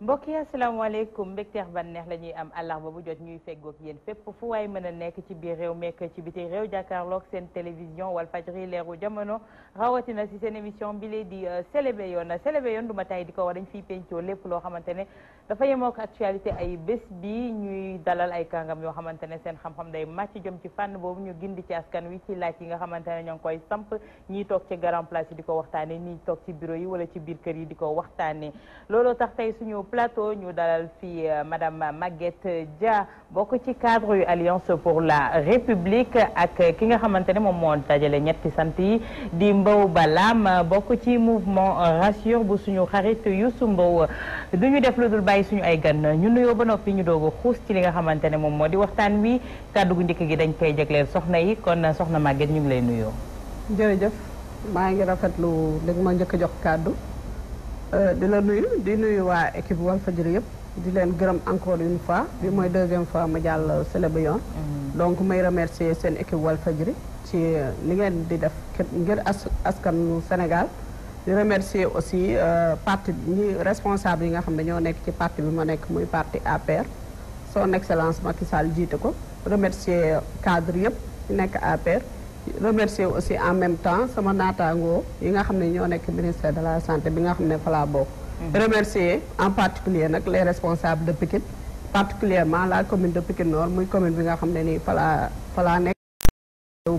mbokk yi asalaamaaleykum mbégteex banneex la ñuy am ba bu jot ñuy feggoog yéen fépp fu waay mën a nekk ci biir réew mekk ci biti réew jàkkaarloog seen télévision Walfadjri leeru jamono rawatina si seen émission bi lee di euh, célébé yoon célébé yoon du ma tay di ko wax dañ fiy pencoo lépp loo xamante ne dafa yemook actualité ay bés bi ñuy dalal ay kangam yoo xamante ne seen xam-xam day màcc jom ci fànn boobu ñu gind ci askan wi ci laaj yi nga xamante ne ñoo ngi koy samp ñiy toog ci grand di ko waxtaane ñiy toog ci bureau yi wala ci biir kër yi di ko waxtaane plateau ñu dalal fi euh, madame Maguette Dia bokk ci cadre yu alliance pour la république ak ki nga xamante ne moom moo dajale ñetti sant yi di Mbow Balaam bokk ci mouvement rassure bu suñu xarit yu Mbow du ñu def lu dul bàyyi suñu ay gan ñu nuyoo ba noppi ñu doog xuus ci li nga xamante ne moom moo di waxtaan wi kàddu gu njëkk gi dañ koy jagleel soxna yi kon euh, soxna Maguette ñu ngi lay nuyoo. jërëjëf maa ngi rafetlu li ma njëkk a jox kàddu. Euh, di la nuyu di nuyu waa équipe Walfadjri yëpp di leen gërëm encore une fois bi mooy deuxième fois ma jàll sele mm-hmm. donc may remercier seen équipe Walfadjri ci euh, li ngeen di def ngir as askanu Sénégal di remercier aussi euh, parti ñi responsable yi nga xam ne ñoo nekk ci parti bi ma nekk muy parti APR son excellence Macky Sall jiite ko remercier cadre yëpp nekk APR remercier aussi en même temps sama naataangoo yi nga xam ne ñoo nekk ministère de la santé bi nga xam ne fa laa bokk. Mhm. remercier en particulier nag les responsable de Pikine particulièrement la commune de Pikine Nord muy commune bi nga xam ne nii fa laa fa nekk.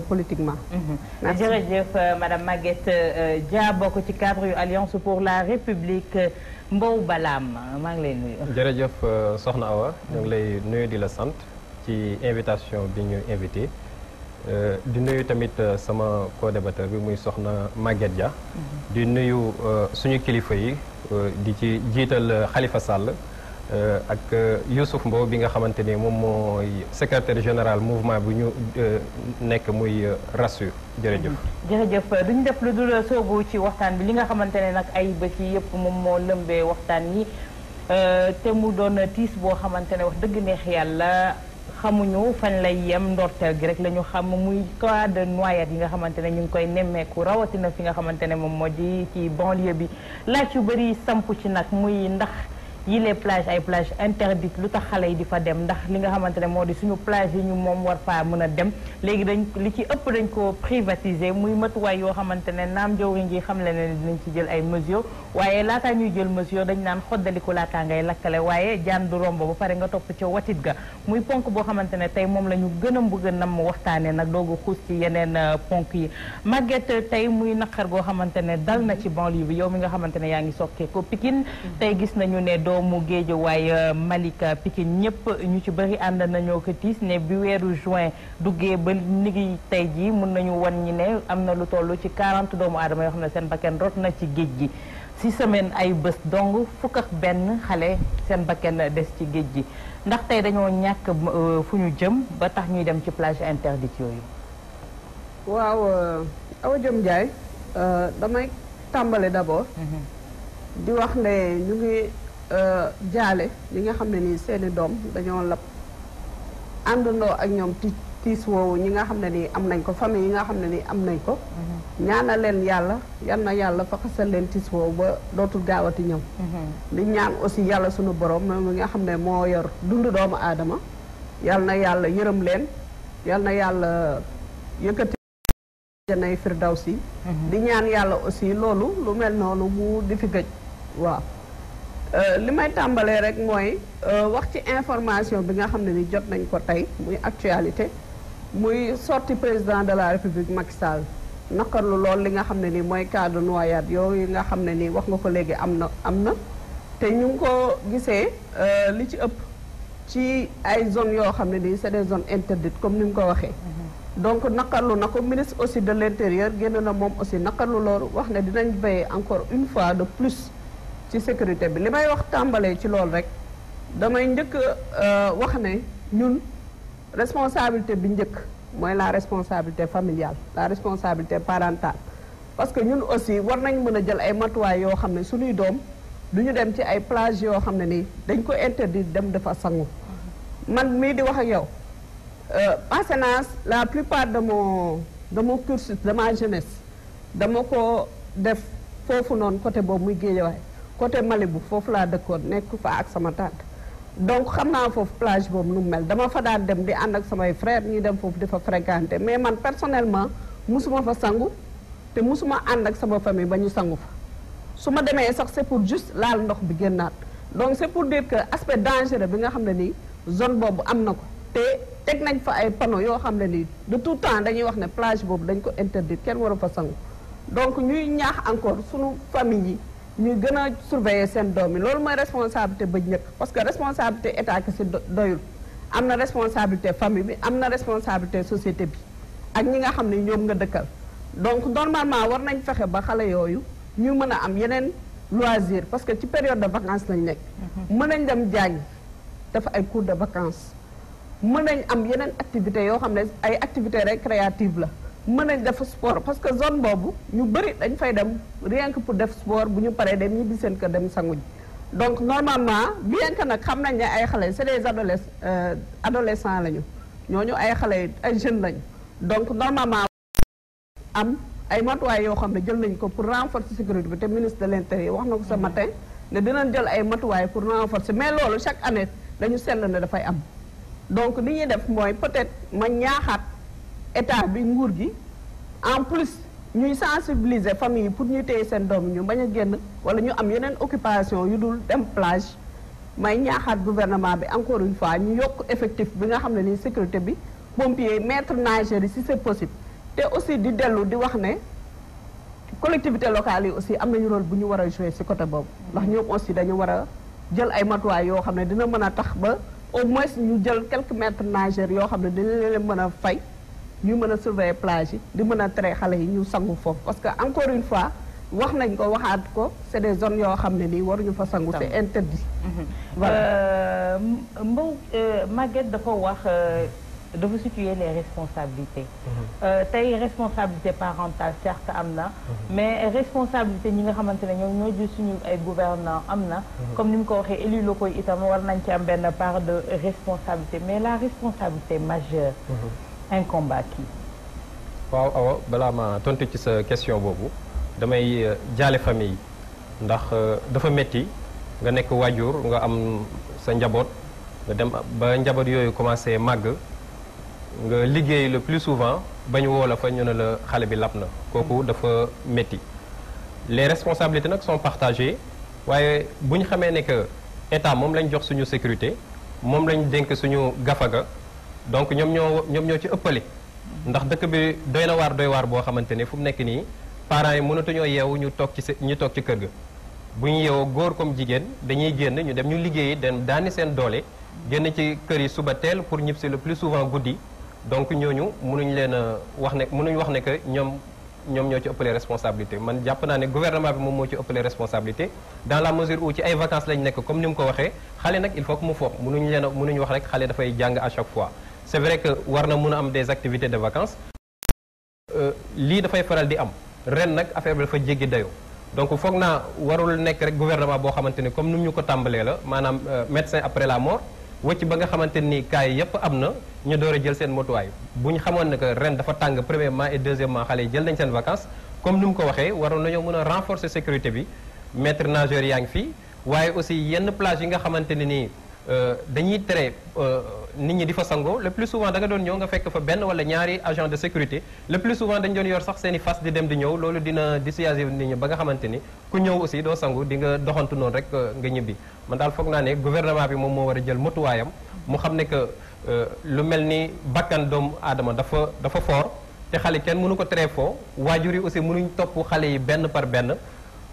politiquement. Mhm. jërëjëf euh, madame Maguette euh, Dia bokk ci cadre yu alliance pour la république euh, Mbow Balaam maa ngi lay nuyu. jërëjëf soxna Awa ñu lay nuyu di la sant ci invitation bi ñu invité. Euh, di nuyu tamit euh, sama co-débatteur bi muy soxna Maguette ja mhm. di nuyu euh, suñu kilifa yi di ci jiital Khalifa Sall ak Youssouf Mbow bi nga xamante ni moom mooy secretaire général mouvement bu ñu nekk muy RASU jërëjëf. Mhm. jërëjëf duñ def lu dul soobu ci waxtaan bi li nga xamante ne nag ay bés yi yëpp moom moo lëmbee waxtaan yi te mu doon tiis boo xamante ne wax dëgg neex yàlla. xamuñu fan lay yem ndorteel gi rek la ñu xam muy cas de noyade yi nga xamante ne ñu ngi koy nemmeeku rawatina fi nga xamante ne moom moo di ci banlieue bi laaj yu bëri samp ci nag muy ndax. yilee plage ay plage interdite lu tax xale yi di fa dem ndax li nga xamante ne moo di suñu plage yi ñu moom war faa mën a dem léegi dañ li ci ëpp dañ ko privatiser muy matuwaay yoo xamante ne naam jawriñ ji xam le ne nañ ci jël ay mesures waaye laataa ñuy jël mesures dañ naan xoddaliku laataa ngay lakkale waaye jaan du romb ba pare nga topp ca watit ga muy ponk boo xamante ne tey moom la ñu gën a bëgg a nam waxtaane nag doogu xuus ci yeneen euh, ponk yi magget tey muy naqar goo xamante ne dal na ci banlieue bi yow mi nga xamante ne yaa ngi sokkee ko doomu Géejawaay euh, Malika Pikine ñëpp ñu ci bari ànd nañoo ko tiis ne bi weeru juin duggee ba nigi tey jii mun nañu wan ñi ne am na lu toll ci 40 doomu aadama yoo xam ne seen bakkan rot na ci géej gi ci semaine ay bës dong fukk ak benn xale seen bakken des ci géej gi ndax tey dañoo ñàkk euh, fu ñu jëm ba tax ñuy dem ci plage interdite yooyu waaw euh, Awa Diome Ndiaye damay tàmbale d'abord mm-hmm. di wax ne ñu ngi Euh, jaale ñi nga xam ne nii seeni doom dañoo lab àndandoo ak ñoom ti tiis woowu ñi nga xam ne nii am nañ ko famille yi nga xam ne nii am nañ ko mm-hmm. ñaana leen yàlla yal na yàlla fa xasal leen tiis woowu ba dootul gaawati ñëw mm-hmm. di ñaan aussi yàlla sunu borom mi nga xam ne moo yor dundu doomu aadama yal na yàlla yërëm leen yal na yàlla yëkkati daw si mm-hmm. di ñaan yàlla aussi loolu lu mel noonu mu di fi gëj waaw Euh, li may tàmbalee rek mooy euh, wax ci information bi nga xam ne ni jot nañ ko tey muy actualité muy sorti président de la république Macky Sall naqarlu lool li nga xam ne ni mooy cas de yooyu nga xam ne ni wax nga ko léegi am na am na te ñu ngi ko gisee euh, li ci ëpp ci ay zones yoo xam ne ni c'est des zones interdites comme ni mu ko waxee mhm. donc naqarlu na ko ministre aussi de l'intérieur génn na moom aussi naqarlu loolu wax ne dinañ veiller encore une fois de plus ci sécurité bi li may wax tàmbalee ci loolu rek damay njëkk euh, wax ne ñun responsabilité bi njëkk mooy la responsabilité familiale la responsabilité parentale parce que ñun aussi war nañ mën a jël ay matuwaay yoo xam ne suñuy doom du ñu dem ci ay plage yoo xam ne nii dañ ko interdit dem dafa sangu man mii di wax ak yow passé euh, naa la plupart de mon de mon cursus de jeunesse dama ko def foofu noonu côté boobu muy géejawaay côté Malibu foofu laa dëkkoon nekk fa ak sama tante donc xam naa foofu plage boobu nu mel dama fa daan dem di ànd ak samay frère ñuy dem foofu defa fa mais man personnellement musuma fa sangu te mosuma ànd ak sama famille ba ñu sangu fa su ma demee sax c'est pour juste laal ndox bi génnaat donc c'est pour dire que aspect dangereux bi nga xam ne nii zone boobu am na ko te teg nañ fa ay panneaux yoo xam ne nii de tout temps dañuy wax ne plage boobu dañ ko interdire kenn waru fa sangu donc ñuy ñaax yi ñuy gën a surveiller seen doom yi loolu mooy responsabilité ba njëkk parce que responsabilité état ki si doyul am na responsabilité famille bi am na responsabilité société bi ak ñi nga xam ne ñoom nga dëkkal donc normalement war nañ fexe ba xale yooyu ñu mën a am yeneen loisir parce que ci période de vacances lañ nekk mhm. mën nañ dem jàng def ay cours de vacances mën nañ am yeneen activités yoo xam ne ay activités récréatives la mën nañ def sport parce que zone boobu ñu bëri dañ fay dem rien que pour def sport bu ñu paree dem ñibbi seen ko dem sanguñ donc normalement bien que nag xam nañ ne ay xale c'est des adoles euh, adolescents ñoo ñu ay xale ay jeunes lañu donc normalement am ay matuwaay yoo xam ne jël nañ ko pour renforcer sécurité bi te ministre de l'intérieur wax na ko sa mm-hmm. matin ne dinañ jël ay matuwaay pour renforcer mais loolu chaque année dañu seetlu ne dafay am donc li ñuy def mooy ma ñaaxaat. état bi nguur gi en plus ñuy sensibiliser famille yi pour ñu téye seen doom ñu bañ a génn wala ñu am yeneen occupation yu dul dem plage may ñaaxaat gouvernement bi encore une fois ñu yokk effectif bi nga xam ne ni sécurité bi pompier maître nager yi si c'est possible te aussi di dellu di wax ne collectivité locale yi aussi am nañu rôle bu ñu war a jouer si côté boobu ndax ñoom aussi dañu war a jël ay matuwaay yoo xam ne dina mën a tax ba au moins ñu jël quelques maîtres yoo xam ne dina leen mën a fay ñu mën a surveiller plage yi di mën a tere xale yi ñu sangu foofu parce que encore une fois wax nañ ko waxaat ko c'est des zones yoo xam ne nii waruñu fa sangu c'est interdit mhm. voilà euh, Mbow euh, Maguette dafa wax euh, dafa situer les responsabilités mhm. tey responsabilité parentale certes am na mhm. mais responsabilité ñi nga xamante ne ñoom ñoo jël suñu ay gouvernants am na comme ni mu ko waxee élus locaux yi itam war nañ ci am benn part de responsabilité mais la responsabilité majeure un combat kii. waaw awa balaa ma tontu ci sa question boobu damay euh, jaale famille ndax euh, dafa metti nga nekk waajur nga am sa njaboot dem ba njaboot yooyu commencé màgg nga liggéey le plus souvent ba ñu woo la fa ñu ne la xale bi lab na kooku dafa metti les responsabilité nag sont partagées waaye bu ñu xamee ne que état moom lañ jox suñu sécurité moom lañ dénk suñu gafaga donc ñoom ñoo ñoom ñoo ci ëppale ndax dëkk bi doy na waar doy waar boo xamante ne fu mu nekk nii parents yi mënatuñoo yeewu ñu toog ci ñu toog ci kër ga bu ñu yeewoo góor comme jigéen dañuy génn ñu dem ñu liggéeyi dem daani seen doole génn ci kër yi suba teel pour ñibbisi le plus souvent guddi donc ñooñu mënuñ leen a wax ne mënuñ wax ne que ñoom ñoom ñoo ci ëppale responsabilité man jàpp naa ne gouvernement bi moom moo ci ëppale responsabilité dans la mesure où ci ay vacances lañ comme ni mu ko waxee xale nag il faut que mu leen a mënuñ wax rek xale dafay jàng à chaque fois c'est vrai que war na mun a am des activités de vacances euh, lii dafay faral di am ren nag affaire bi dafa jéggi dayoo donc foog naa warul nekk rek gouvernement boo xamante ni comme nu ñu ko tàmbalee la maanaam euh, médecin après la mort wëcc ba nga xamante ni cas yi yëpp am na ñu door a jël seen motuwaay bu ñu xamoon ne que ren dafa tàng premièrement et deuxièmement xale yi jël nañ seen vacances comme ni mu ko waxee waroon nañoo mën a renforcer sécurité bi maître nageur ngi fii waaye aussi yenn plage yi nga xamante ne nii Euh, dañuy tere euh, nit ñi di fa sangoo le plus souvent danga doon ñëw nga fekk fa benn wala ñaari agent de sécurité le plus souvent dañ doon yor sax seen i fas di dem di ñëw loolu dina dissuasive nit ñi ba nga xamante ni ku ñëw aussi doo sangu di nga doxantu noonu rek euh, nga ñibbi man daal foog naa ne gouvernement bi moom moo war a jël motuwaayam mu xam ne que lu mel ni bakkan doomu aadama dafa dafa fort te xale kenn mënu ko tere foo waajur yi aussi mënuñ topp xale yi benn par benn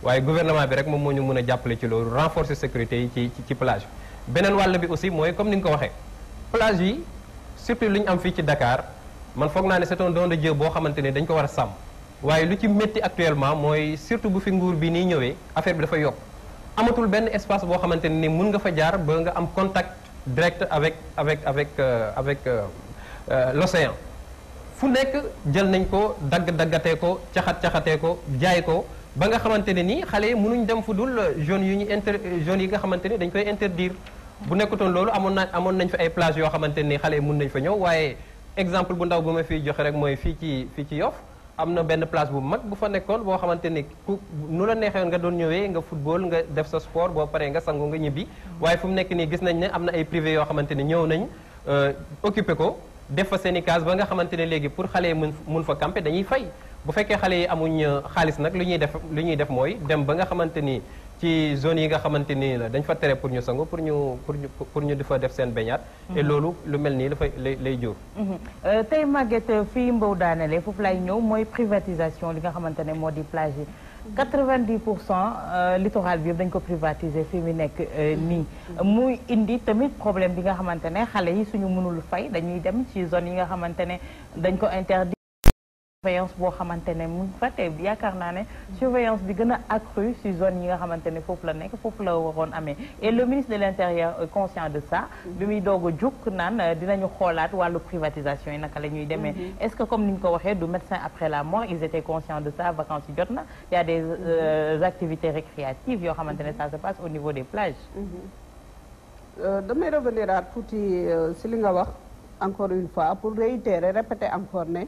waaye gouvernement bi rek moom moo ñu mën a jàppale ci loolu renforcer sécurité yi ci ci plage beneen wàll bi aussi mooy comme ni nga ko waxee plage yi surtout lu ñu am fii ci dakaar man foog naa ne c'est un don de boo xamante ne dañ ko war a sàmm waaye lu ci métti actuellement mooy surtout bu fi nguur bi nii ñëwee affaire bi dafa yokk amatul benn espace boo xamante ne ni mun nga fa jaar ba nga am contact direct avec avec avec euh, avec euh, euh, l'océan fu nekk jël nañ ko dagg-daggatee ko caxat-caxatee ko jaay ko ba nga xamante ne nii xale munuñ mënuñ dem fu dul zone yu ñu inter zone yi nga xamante ne dañ koy interdire bu nekkutoon loolu amoon na amoon nañ fi ay plage yoo xamante ni xale yi mun nañ fa ñëw waaye exemple bu ndaw bu ma fiy joxe rek mooy fii ci fii ci Yoff am na benn place bu mag bu fa nekkoon boo xamante ni ku nu la neexee nga doon ñëwee nga football nga def sa sport boo paree nga sangu nga ñibbi waaye fu mu nekk nii gis nañ ne am na ay privé yoo xamante ni ñëw nañ euh, occupé ko def fa seen case ba nga xamante ne léegi pour xale yi mun fa camper dañuy fay bu fekkee xale yi amuñ euh, xaalis nag lu ñuy def lu ñuy def mooy dem ba nga xamante ni ci zone yi nga xamante nii la dañ fa tere pour ñu sangu pour ñu pour ñu pour ñu di fa def seen beñaat mhm. et loolu lu mel nii dafay lay lay jur mhm. euh, tey Maguette fii Mbow daanale foofu lay ñëw mooy privatisation li nga xamante ne moo di plage yi 90 pour cent euh, littoral bi yëpp dañ ko privatiser fi mu nekk euh, nii muy indi tamit problème bi nga xamante ne xale yi suñu mënul fay dañuy dem ci zone yi nga xamante ne dañ ko interdit surveillance boo xamante ne mu ngi fa te yaakaar naa ne surveillance bi gën a accrue ci yi nga xamante ne foofu la nekk foofu la waroon amee et le ministre de l'intérieur est conscient de ça bi muy doog a jóg naan euh, dinañu xoolaat wàllu privatisation yi naka la ñuy demee mm-hmm. est-ce que comme ni ñu ko waxee du médecin après la mort ils étaient conscients de ça vacances yi jot na y des mm-hmm. euh, activités récréatives yoo xamante ne ça se passe au niveau des plages mm-hmm. euh, damay revenir à tuuti ci euh, li nga wax encore fois pour réitérer répéter encore ne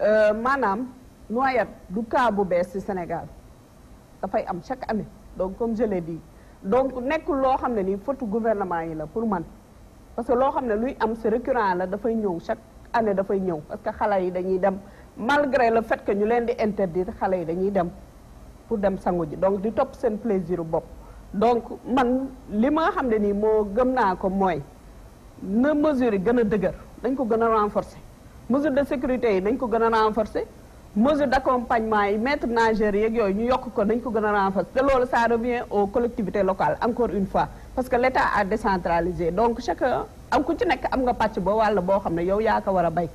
Euh, maanaam noyade du cas bu bees ci Sénégal dafay am chaque année donc comme je l'ai donc nekk loo xam ne nii faute gouvernement yi la pour man parce que loo xam ne luy am c'est récurrent la dafay ñëw chaque année dafay ñëw parce que xale yi dañuy dem malgré le fait que ñu leen di interdire xale yi dañuy dem pour dem sangu ji donc di topp seen plaisir bopp donc man li ma xam ne nii moo gëm naa ko mooy na mesure yi gën a dëgër dañ ko gën a renforcer mesure de sécurité yi nañ ko gën a renforcer mesure d'accompagnement yi maître nageur yooyu ñu yokk ko nañ ko gën a renforcer te loolu ça revient aux collectivités locales encore une fois parce que l'État a décentralisé donc chacun am ku ci nekk am nga pàcc bo wàll boo xam ne yow yaa ko war a bay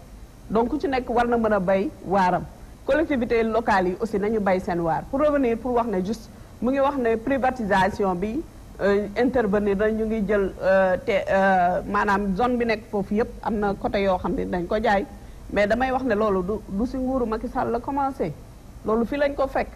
donc ku ci nekk war na mën a bay waaram collectivités locales yi aussi nañu bay seen waar pour revenir pour wax ne juste mu ngi wax ne privatisation bi euh, intervenir dañ ñu ngi jël euh, te euh, maanaam zone bi nekk foofu yépp am na côté yoo xam ne dañ ko jaay mais damay wax ne loolu du du si nguuru Macky Sall la commencé loolu fii lañ ko fekk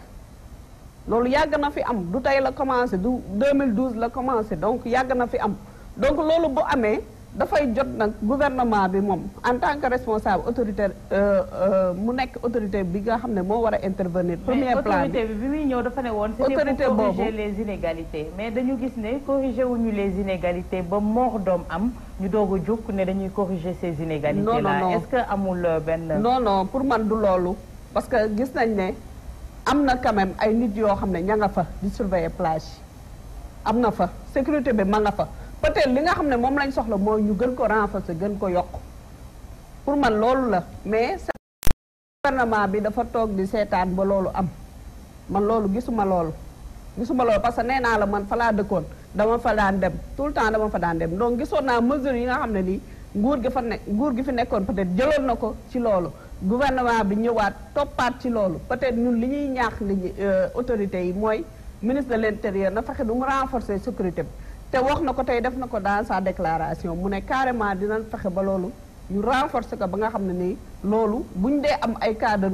loolu yàgg na fi am du tey la commencé du 2012 la commencé donc yàgg na fi am donc loolu bu amee dafay jot nag gouvernement bi moom en tant que responsable autoritaire euh, euh, mu nekk autorité bi nga xam ne moo war a intervenir. premier plan bi muy ñëw dafa ne woon. autorité boobu c'était les inégalités mais dañu gis ne wu ñu les inégalités ba mort doom am ñu doog a ne dañuy corriger ses inégalités. non non amul euh, benn. non pour man du loolu parce que gis nañ ne am na quand ay nit yoo xam ne ña nga fa di surveiller plage am na fa sécurité bi ma nga fa. peut-être li nga xam ne moom lañ soxla mooy ñu gën ko renforcer gën ko yokk pour man loolu la mais gouvernement bi dafa toog di seetaan ba loolu am man loolu gisuma loolu gisuma loolu parce que nee naa la man fa laa dëkkoon dama fa daan dem tout le temps dama fa daan dem donc gisoon naa mesures yi nga xam ne nii nguur gi fa ne nguur gi fi nekkoon peut-être jëloon na ko ci loolu gouvernement bi ñëwaat toppaat ci loolu peut-être ñun li ñuy ñaax nit euh, autorité yi mooy ministre de l'intérieur na fexe du mu renforcer sécurité bi te wax na ko tey def na ko dans sa déclaration mu ne carrément dina fexe ba loolu yu renforcer ko ba nga xam ne nii loolu bu buñ dee am ay cas de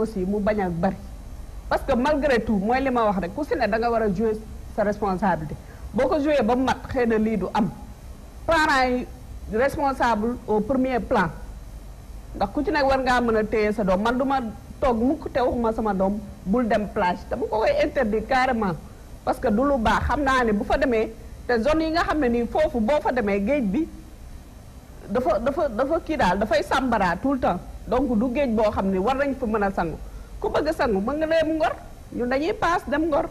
aussi mu bañ a bari parce que malgré tout mooy li ma wax rek ku si ne da nga war a jouer sa responsabilité boo ko jouer ba mu mat xëy na lii du am parents yi responsable au premier plan ndax ku ci nekk war ngaa mën a téye sa doom man du ma toog mukk te waxuma sama doom bul dem plage dama ko koy interdire carrément parce que du lu baax xam naa ne bu fa demee te zone yi nga xam ne nii foofu boo fa demee géej bi dafa dafa dafa kii daal dafay sàmbaraa tout le temps donc du géej boo xam ne war nañ fa mën a sangu ku bëgg sangu mën nga dem ngor ñun dañuy paas dem ngor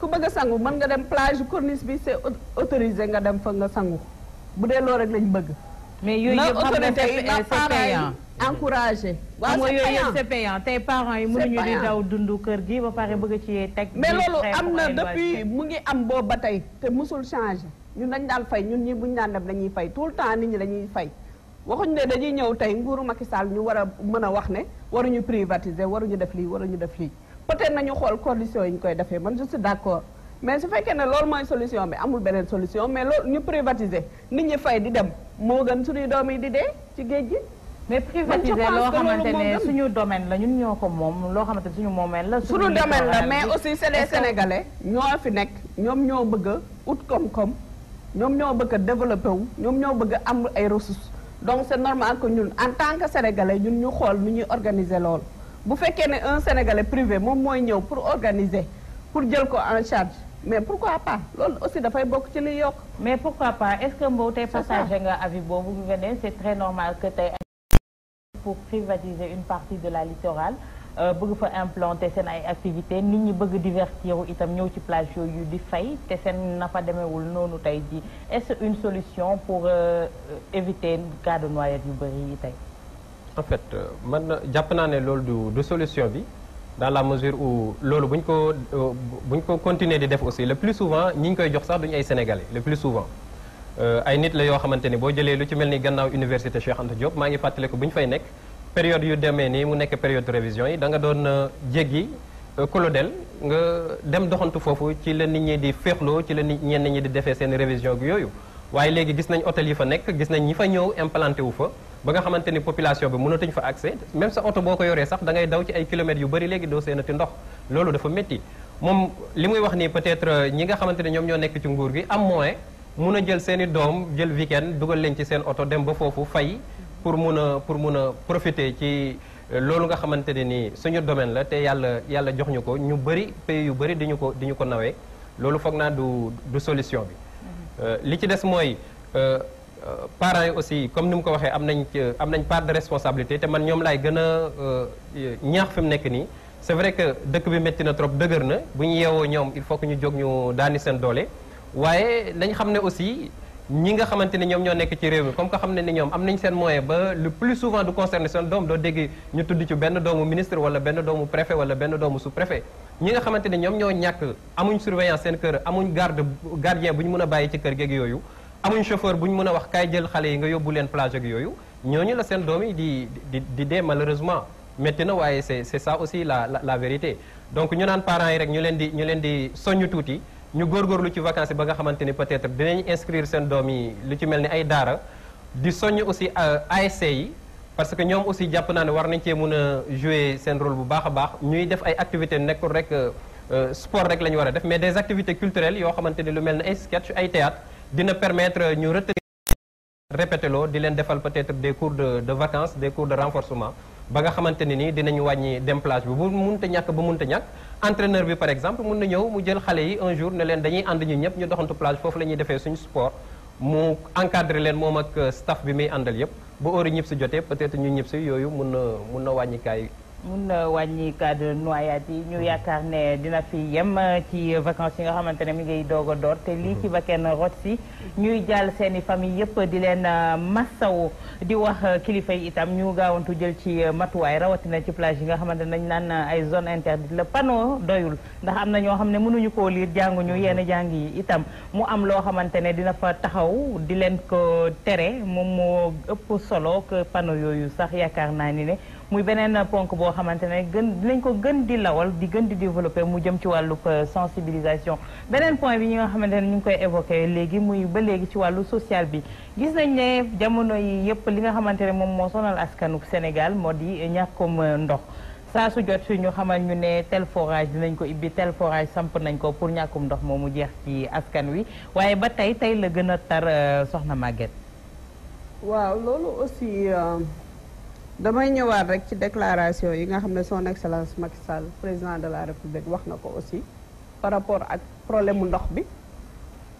ku bëgg sangu mën nga dem plage corniche bi c'est autorisé nga dem fa nga sangu bu dee loolu rek lañ bëgg mais yooyu yëpp xam nga tey c'est payant encouragé. waaw c'est payant yooyu c'est payant tey parents yi dundu kër gi ba pare bëgg ci teg. mais loolu am na depuis mu ngi am boobu ba tey te musul changé ñun nañ daan fay ñun ñi buñu daan dem dañuy fay tout le temps nit ñi lañuy fay. waxuñu ne dañuy ñëw tey nguuru Macky Sall ñu war a mën a wax ne waruñu privatiser waruñu def lii waruñu def lii peut-être nañu xool condition yi ñu koy defee man je suis d'accord. mais su fekkee ne loolu mooy solution bi amul beneen solution mais loolu ñu privatiser nit ñi fay di dem moo gën suñuy doom yi di dee ci géej gi. mais privatiser loo xamante ne suñu domaine la ñun ñoo ko moom loo xamante ne suñu moomeel la. suñu domaine la mais aussi c'est les sénégalais ñoo fi nekk ñoom ñoo bëgg a ut koom-koom ñoom ñoo bëgg a développé wu ñoom ñoo bëgg a am ay ressources donc c'est normal que ñun en tant que sénégalais ñun ñu xool nu ñuy organiser lool bu fekkee ne un sénégalais privé moom mooy ñëw pour organiser pour jël ko en charge. mais pourquoi pas loolu aussi dafay bokk ci liy yokk. mais pourquoi pas est-ce que Mbow tey partagé nga avis boobu nga ne c'est très normal que tey pour privatiser une partie de la littorale euh, bëgg fa implanter seen ay activité nit ñi bëgg divertir itam ñëw ci plage yooyu di fay te seen na fa demeewul noonu tey jii est-ce une solution pour euh, éviter cas de noyade yu bëri yi tey. en fait euh, man jàpp naa ne loolu du du solution bi. dans la mesure u loolu bu ñu ko bu ñu ko continuer di def aussi le plus souvent ñi ñu koy jox sax duñu ay sénégalais le plus souvent euh, ay nit la yoo xamante ni boo jëlee lu ci mel ni gannaaw université Cheikh Anta Diop maa ngi fàttale ko bu ñu fay nekk période yu demee nii mu nekk période révision yi danga nga doon euh, jéggi kolodel euh, nga dem doxantu foofu ci la nit ñi di féexloo ci la nit ñenn ñi di defee seen révision gi yooyu waaye léegi gis nañ hôtel yi fa nekk gis nañ ñi fa ñëw implanté wu fa ba nga xamante ni population bi mënatuñ fa accès même sa oto boo ko yoree sax da ngay daw ci ay kilomètres yu bëri léegi doo seenati ndox loolu dafa métti moom li muy wax nii peut-être euh, ñi nga xamante ne ñoom ñoo nekk ci nguur gi am moyen mun a jël seeni doom jël weekend dugal leen ci seen oto dem ba foofu fay pour mun a pour mun a profiter ci euh, loolu nga xamante ne ni suñu domaine la te yàlla yàlla jox ñu ko ñu bëri yu bëri di ko di ko nawee loolu foog naa du du solution bi Euh, li ci des mooy euh, euh, parents yi aussi comme ni mu ko waxee am nañ am nañ part de responsabilité te man ñoom laay gën a ñaax fi mu nekk nii c'est vrai que dëkk bi métti na trop dëgër na bu ñu yeewoo ñoom il faut que ñu jóg ñu daani seen doole waaye nañ xam ne aussi ñi nga xamante ni ñoom ñoo nekk ci réew mi comme que xam ne ni ñoom am nañ seen moyen ba le plus souvent du concerné seen doom doo dégg ñu tudd ci benn doomu ministre wala benn doomu préfet wala benn doomu sous ñi nga xamante ne ñoom ñoo ñàkk amuñ surveillance seen kër amuñ garde gardien bu ñu mën a bàyyi ci kër geeg yooyu amuñ chauffeur bu ñu mën a wax kay jël xale yi nga yóbbu leen plage yooyu ñoo ñu la seen doom yi di di di dee malheureusement métti na waaye c'est c'est ça aussi la la la vérité donc ñu naan parents yi rek ñu leen di ñu leen di soññu tuuti ñu góorgóorlu ci vacances ba nga xamante ni peut-être dinañ inscrire seen doom yi lu ci mel ni ay daara di soññ aussi euh, ASC yi parce que ñoom aussi jàpp naa ne war nañ cee mën a jouer seen rôle bu baax a baax ñuy def ay activités nekkul rek euh, sport rek la ñu war a def mais des activités culturelles yoo xamante ni lu mel ne ay sketch ay théâtre dina permettre ñu retenir répété loo di leen defal peut-être des cours de de vacances des cours de renforcement ba nga xamante ne ni dinañu wàññi dem plage bi bu munta ñàkk ba munta ñàkk entraîneur bi par exemple mun na ñëw mu jël xale yi un jour ne leen dañuy ànd ñu ñëpp ñu doxantu plage foofu la ñuy defee suñu sport mu encadré leen moom ak euh, staff bi muy àndal yëpp ba heure ñibbisi jotee peut-être ñu ñibbisi yooyu mun na mun na wàññikaay mun na wàññi cas de noyade yi ñu mm-hmm. yaakaar ne dina fi yem uh, ci vacance yi nga xamante ne mi ngi doog a door te lii mm-hmm. ci ba kenn rot si ñuy jàll seen i famille yëpp di leen uh, massaw di wax uh, kilifa yi itam ñu gaawantu jël ci matuwaay rawatina ci plage yi nga xamante ne dañ naan ay zone interdite le panneau doyul ndax am na ñoo xam ne mënuñu ko liir jànguñu mm-hmm. yenn jàng yi itam mu am loo xamante ne dina fa taxaw di leen ko tere moom moo ëpp solo que panneau yooyu sax yaakaar naa ni ne muy beneen ponk boo xamante ne gën dinañ ko gën di lawal di gën di développer mu jëm ci wàllu euh, sensibilisation beneen point bi ñi nga xamante ne ñu ngi koy évoquer léegi muy ba léegi ci wàllu social bi gis nañ ne jamono yi yëpp li nga xamante ne moom moo sonal askanu Sénégal moo di ñàkkum euh, ndox saa su jot ñu xamal ñu ne tel forage dinañ ko ibbi tel forage samp nañ ko pour ñàkkum ndox mu jeex ci askan wi waaye ba tey tey la gën a tar euh, soxna Maguette damay ñëwaat rek ci déclaration yi nga xam ne son excellence Macky Sall président de la république wax na ko aussi par rapport ak problème mu ndox bi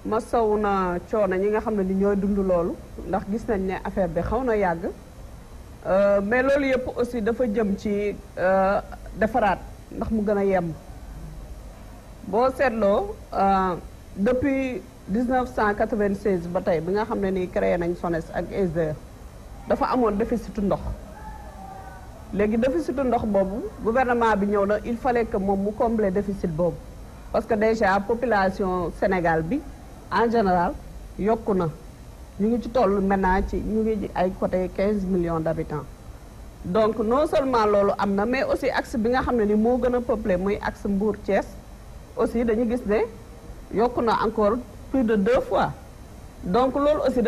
ma sow na coono ñi nga xam ne ni ñooy dund loolu ndax gis nañ ne affaire bi xaw na yàgg euh, mais loolu yëpp aussi dafa jëm ci euh, defaraat ndax mu gën a yemb boo seetloo euh, depuis 1996 ba tey bi nga xam ne nii créer nañ SONES ak SDE dafa amoon déficitu ndox léegi déficit ndox boobu gouvernement bi ñëw na il fallait que moom mu combler déficit boobu parce que déjà population Sénégal bi en général yokku na ñu ngi ci toll maintenant ci ñu ngi ay côté 15 millions d'habitants donc non seulement loolu am na mais aussi axe bi nga xam ne ni moo gën a peuplé muy axe Mbour cees aussi dañu gis ne yokk na encore plus de deux fois donc loolu aussi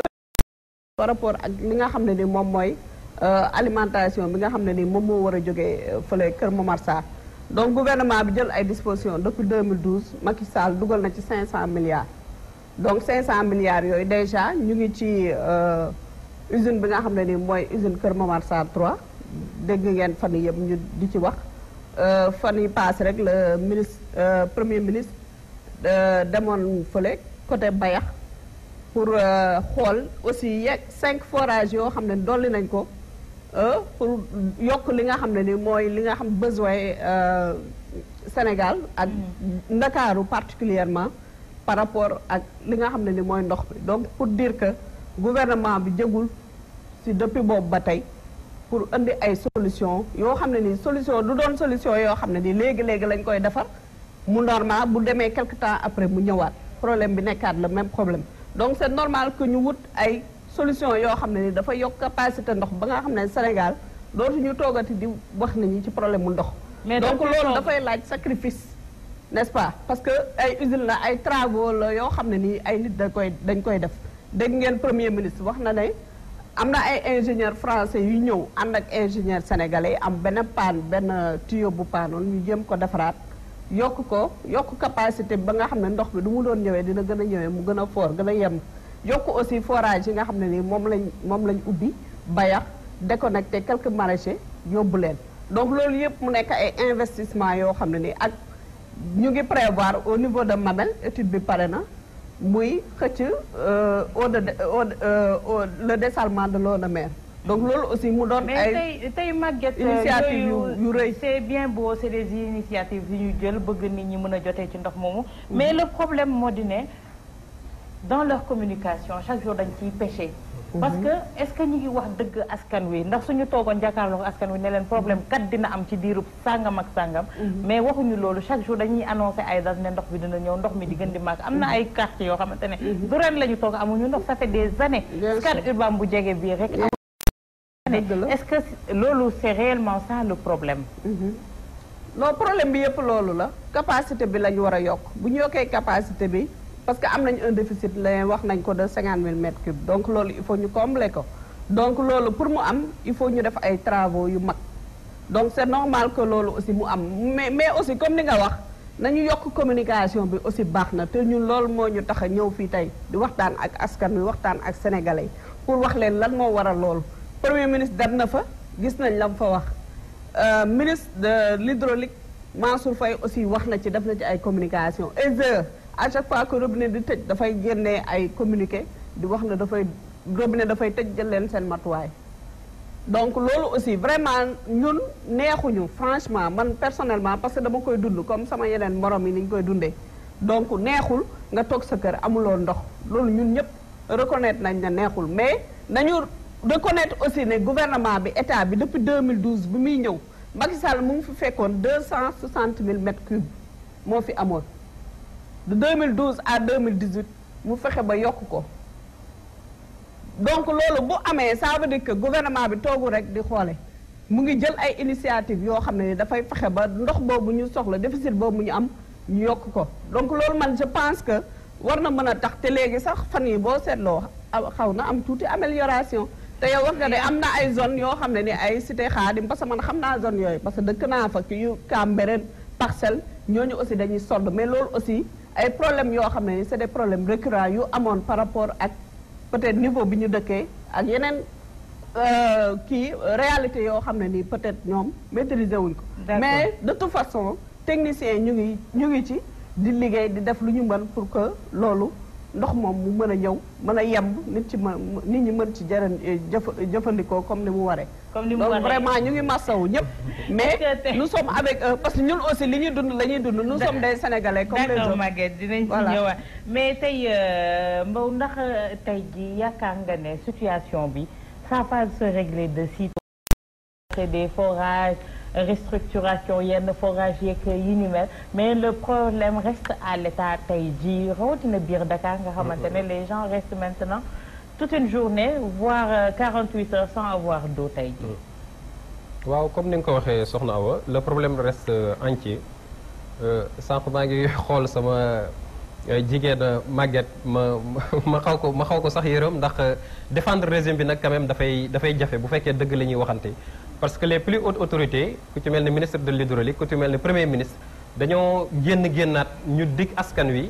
par rapport ak li nga xam ne ni moom mooy Euh, alimentation bi nga xam ne ni moom moo war a jógee euh, fële Kër Momar Sarr donc gouvernement bi jël ay dispositions depuis 2012 Macky Sall dugal na ci 500 milliards. donc 500 milliards yooyu déjà ñu ngi ci euh, usine bi nga xam ne ni mooy usine Kër Momar Sarr 3 dégg ngeen fan yëpp ñu di ci wax fan yii paase rek le ministre premier ministre demoon fële côté Bayax pour xool aussi yeeg cinq forages yoo xam ne dolli nañ ko Euh, pour yokk li nga xam ne ni mooy li nga xam besoin euh, Sénégal ak mm. Ndakaaru particulièrement par rapport ak li nga xam ne ni mooy ndox bi donc pour dire que gouvernement bi jëgul si depuis boobu ba tey pour indi ay solution yoo xam ne ni solution du doon solution yoo xam ne nii léegi-léegi lañ koy defar mu normal bu demee quelque temps après mu ñëwaat problème bi nekkaat la même problème donc c'est normal que ñu wut ay solution yoo xam ne ni dafa yokk capacité ndox ba nga xam ne Sénégal ñu toogati di wax nañu ci problème mu ndox. donc loolu dafay laaj sacrifice. n'est-ce pas parce que ay usine la ay travaux la yoo xam ne nii ay nit dañ koy dañ koy def dégg ngeen premier ministre wax na ne am na ay ingénieur français yu ñëw ànd ak ingénieur sénégalais am benn paan benn tuyau bu paanoon ñu jëm ko defaraat yokk ko yokk capacité ba nga xam ne ndox bi du mu doon ñëwee dina gën a ñëwee mu gën a gën a yem yokk aussi forage yi nga xam ne nii moom lañ moom lañ ubbi bayax déconnecté quelques maraîchers yóbbu leen donc loolu yëpp mu nekk ay investissement yoo xam ne nii ak ñu ngi prévoir au niveau de Mamel étude bi pare na muy xëcc euh, eau de euh, le dessalement de l'eau de mer donc loolu aussi mu doon ay tey tey Maguette euh, initiative yu rëy c'est bien beau c'est des initiatives yu ñu jël bëgg nit ñi mën a jotee ci ndox moomu mais mm-hmm. le problème moo di ne dans leur communication chaque jour dañ ciy péché mhm. parce que est-ce que ñi ngi wax dëgg askan wi ndax suñu toogoon jàkkaarloo askan wi ne leen problème kat dina am ci diirub sàngam ak sàngam mhm. mais waxuñu loolu chaque jour dañuy annoncé ay date ndox bi dina ñëw ndox mi di gën di màgg am na mhm. ay quartier yoo xamante ne du ren la ñu toog amuñu ndox ça fait des années Scat Urbam bu jege bii rek amuñu est-ce que loolu c'est réellement ça le problème non problème bi yëpp loolu la capacité bi la ñu war a yokk bu ñu yokkee capacité bi parce que am nañ un déficit la wax nañ ko de 50 000 mètres cubes donc loolu il faut ñu combler ko donc loolu pour mu am il faut ñu def ay travaux yu mag donc c'est normal ko loolu aussi mu am mais mais aussi comme ni nga wax nañu yokk communication bi aussi baax na te ñun lool moo ñu tax a ñëw fii tey di waxtaan ak askan wi waxtaan ak sénégalais pour wax leen lan moo waral loolu premier ministre dem na fa gis nañ la mu fa wax euh, ministre de l'hydraulique Mansour Faye aussi wax na ci def na ci ay communication et à chaque fois que robinet di tëj dafay génnee ay communiqué di wax na dafay robinet dafay tëj jël leen seen matuwaay donc loolu aussi vraiment ñun neexuñu franchement man personnellement parce que dama koy dund comme sama yeneen morom yi ni ñu koy dundee donc neexul nga toog sa kër amuloo ndox loolu ñun ñëpp reconnaître nañ ne neexul mais nañu reconnaître aussi ne gouvernement bi état bi depuis 2012 bi muy ñëw Macky Sall mu ngi fi fekkoon 260 000 mètres cubes moo fi amoon. de 2012 à 2018 mu fexe ba yokk ko donc loolu bu amee ça veut dire gouvernement bi toogu rek di xoole mu ngi jël ay initiative yoo xam ne dafay fexe ba ndox boobu ñu soxla déficit boobu ñu am ñu yokk ko donc loolu man je pense que war na mën a tax te léegi sax fan yi boo seetloo xaw na am tuuti amélioration te yow war nga ne am na ay zone yoo xam ne ni ay cité xaadim parce que man xam naa zone yooyu parce que dëkk naa fa ki yu Cambérène parcelle ñooñu aussi dañuy sold mais loolu aussi ay problèmes yoo xam ne c'est des problèmes récurrents yu amoon par rapport ak peut-être niveau bi ñu dëkkee ak yeneen euh, kii réalité yoo xam ne nii peut-être ñoom maîtriser wuñ ko. mais de toute façon techniciens ñu ngi ñu ngi ci di liggéey di def lu ñu mën pour que loolu. ndox moom mu mën a ñëw mën a yemb nit ci mën nit ñi mën ci jëran jëf jëfandikoo comme ni mu waree comme ni mu waree donc vraiment ñu ngi massawu ñëpp mais nous sommes avec eux parce que ñun aussi li ñuy dund la ñuy dund nous sommes des sénégalais comme les autres Maguette dinañ ci ñëwaat mais tey euh, Mbow ndax euh, tey ji yaakaar nga ne situation bi ça va se régler de sitôt des restructuration yenn forage yeeg yu ni mel mais le problème reste à l'état tey jii rawatina biir Dakar nga xamante ne les gens restent maintenant toute une journée voire 48 euh, heures sans avoir d'eau tey jii hmm. waaw comme ni nga ko waxee soxna Awa le problème reste euh, entier euh, sànq maa ngi xool sama jigéen màgget ma ma xaw ko ma xaw ko sax yërëm ndax défendre régime bi nag quand dafay dafay jafe bu fekkee dëgg la ñuy waxante parce que les plus hautes autorités ku ci mel ne ministre de l'hydraulique ku ci mel ne premier ministre dañoo génn génnaat ñu dig askan wi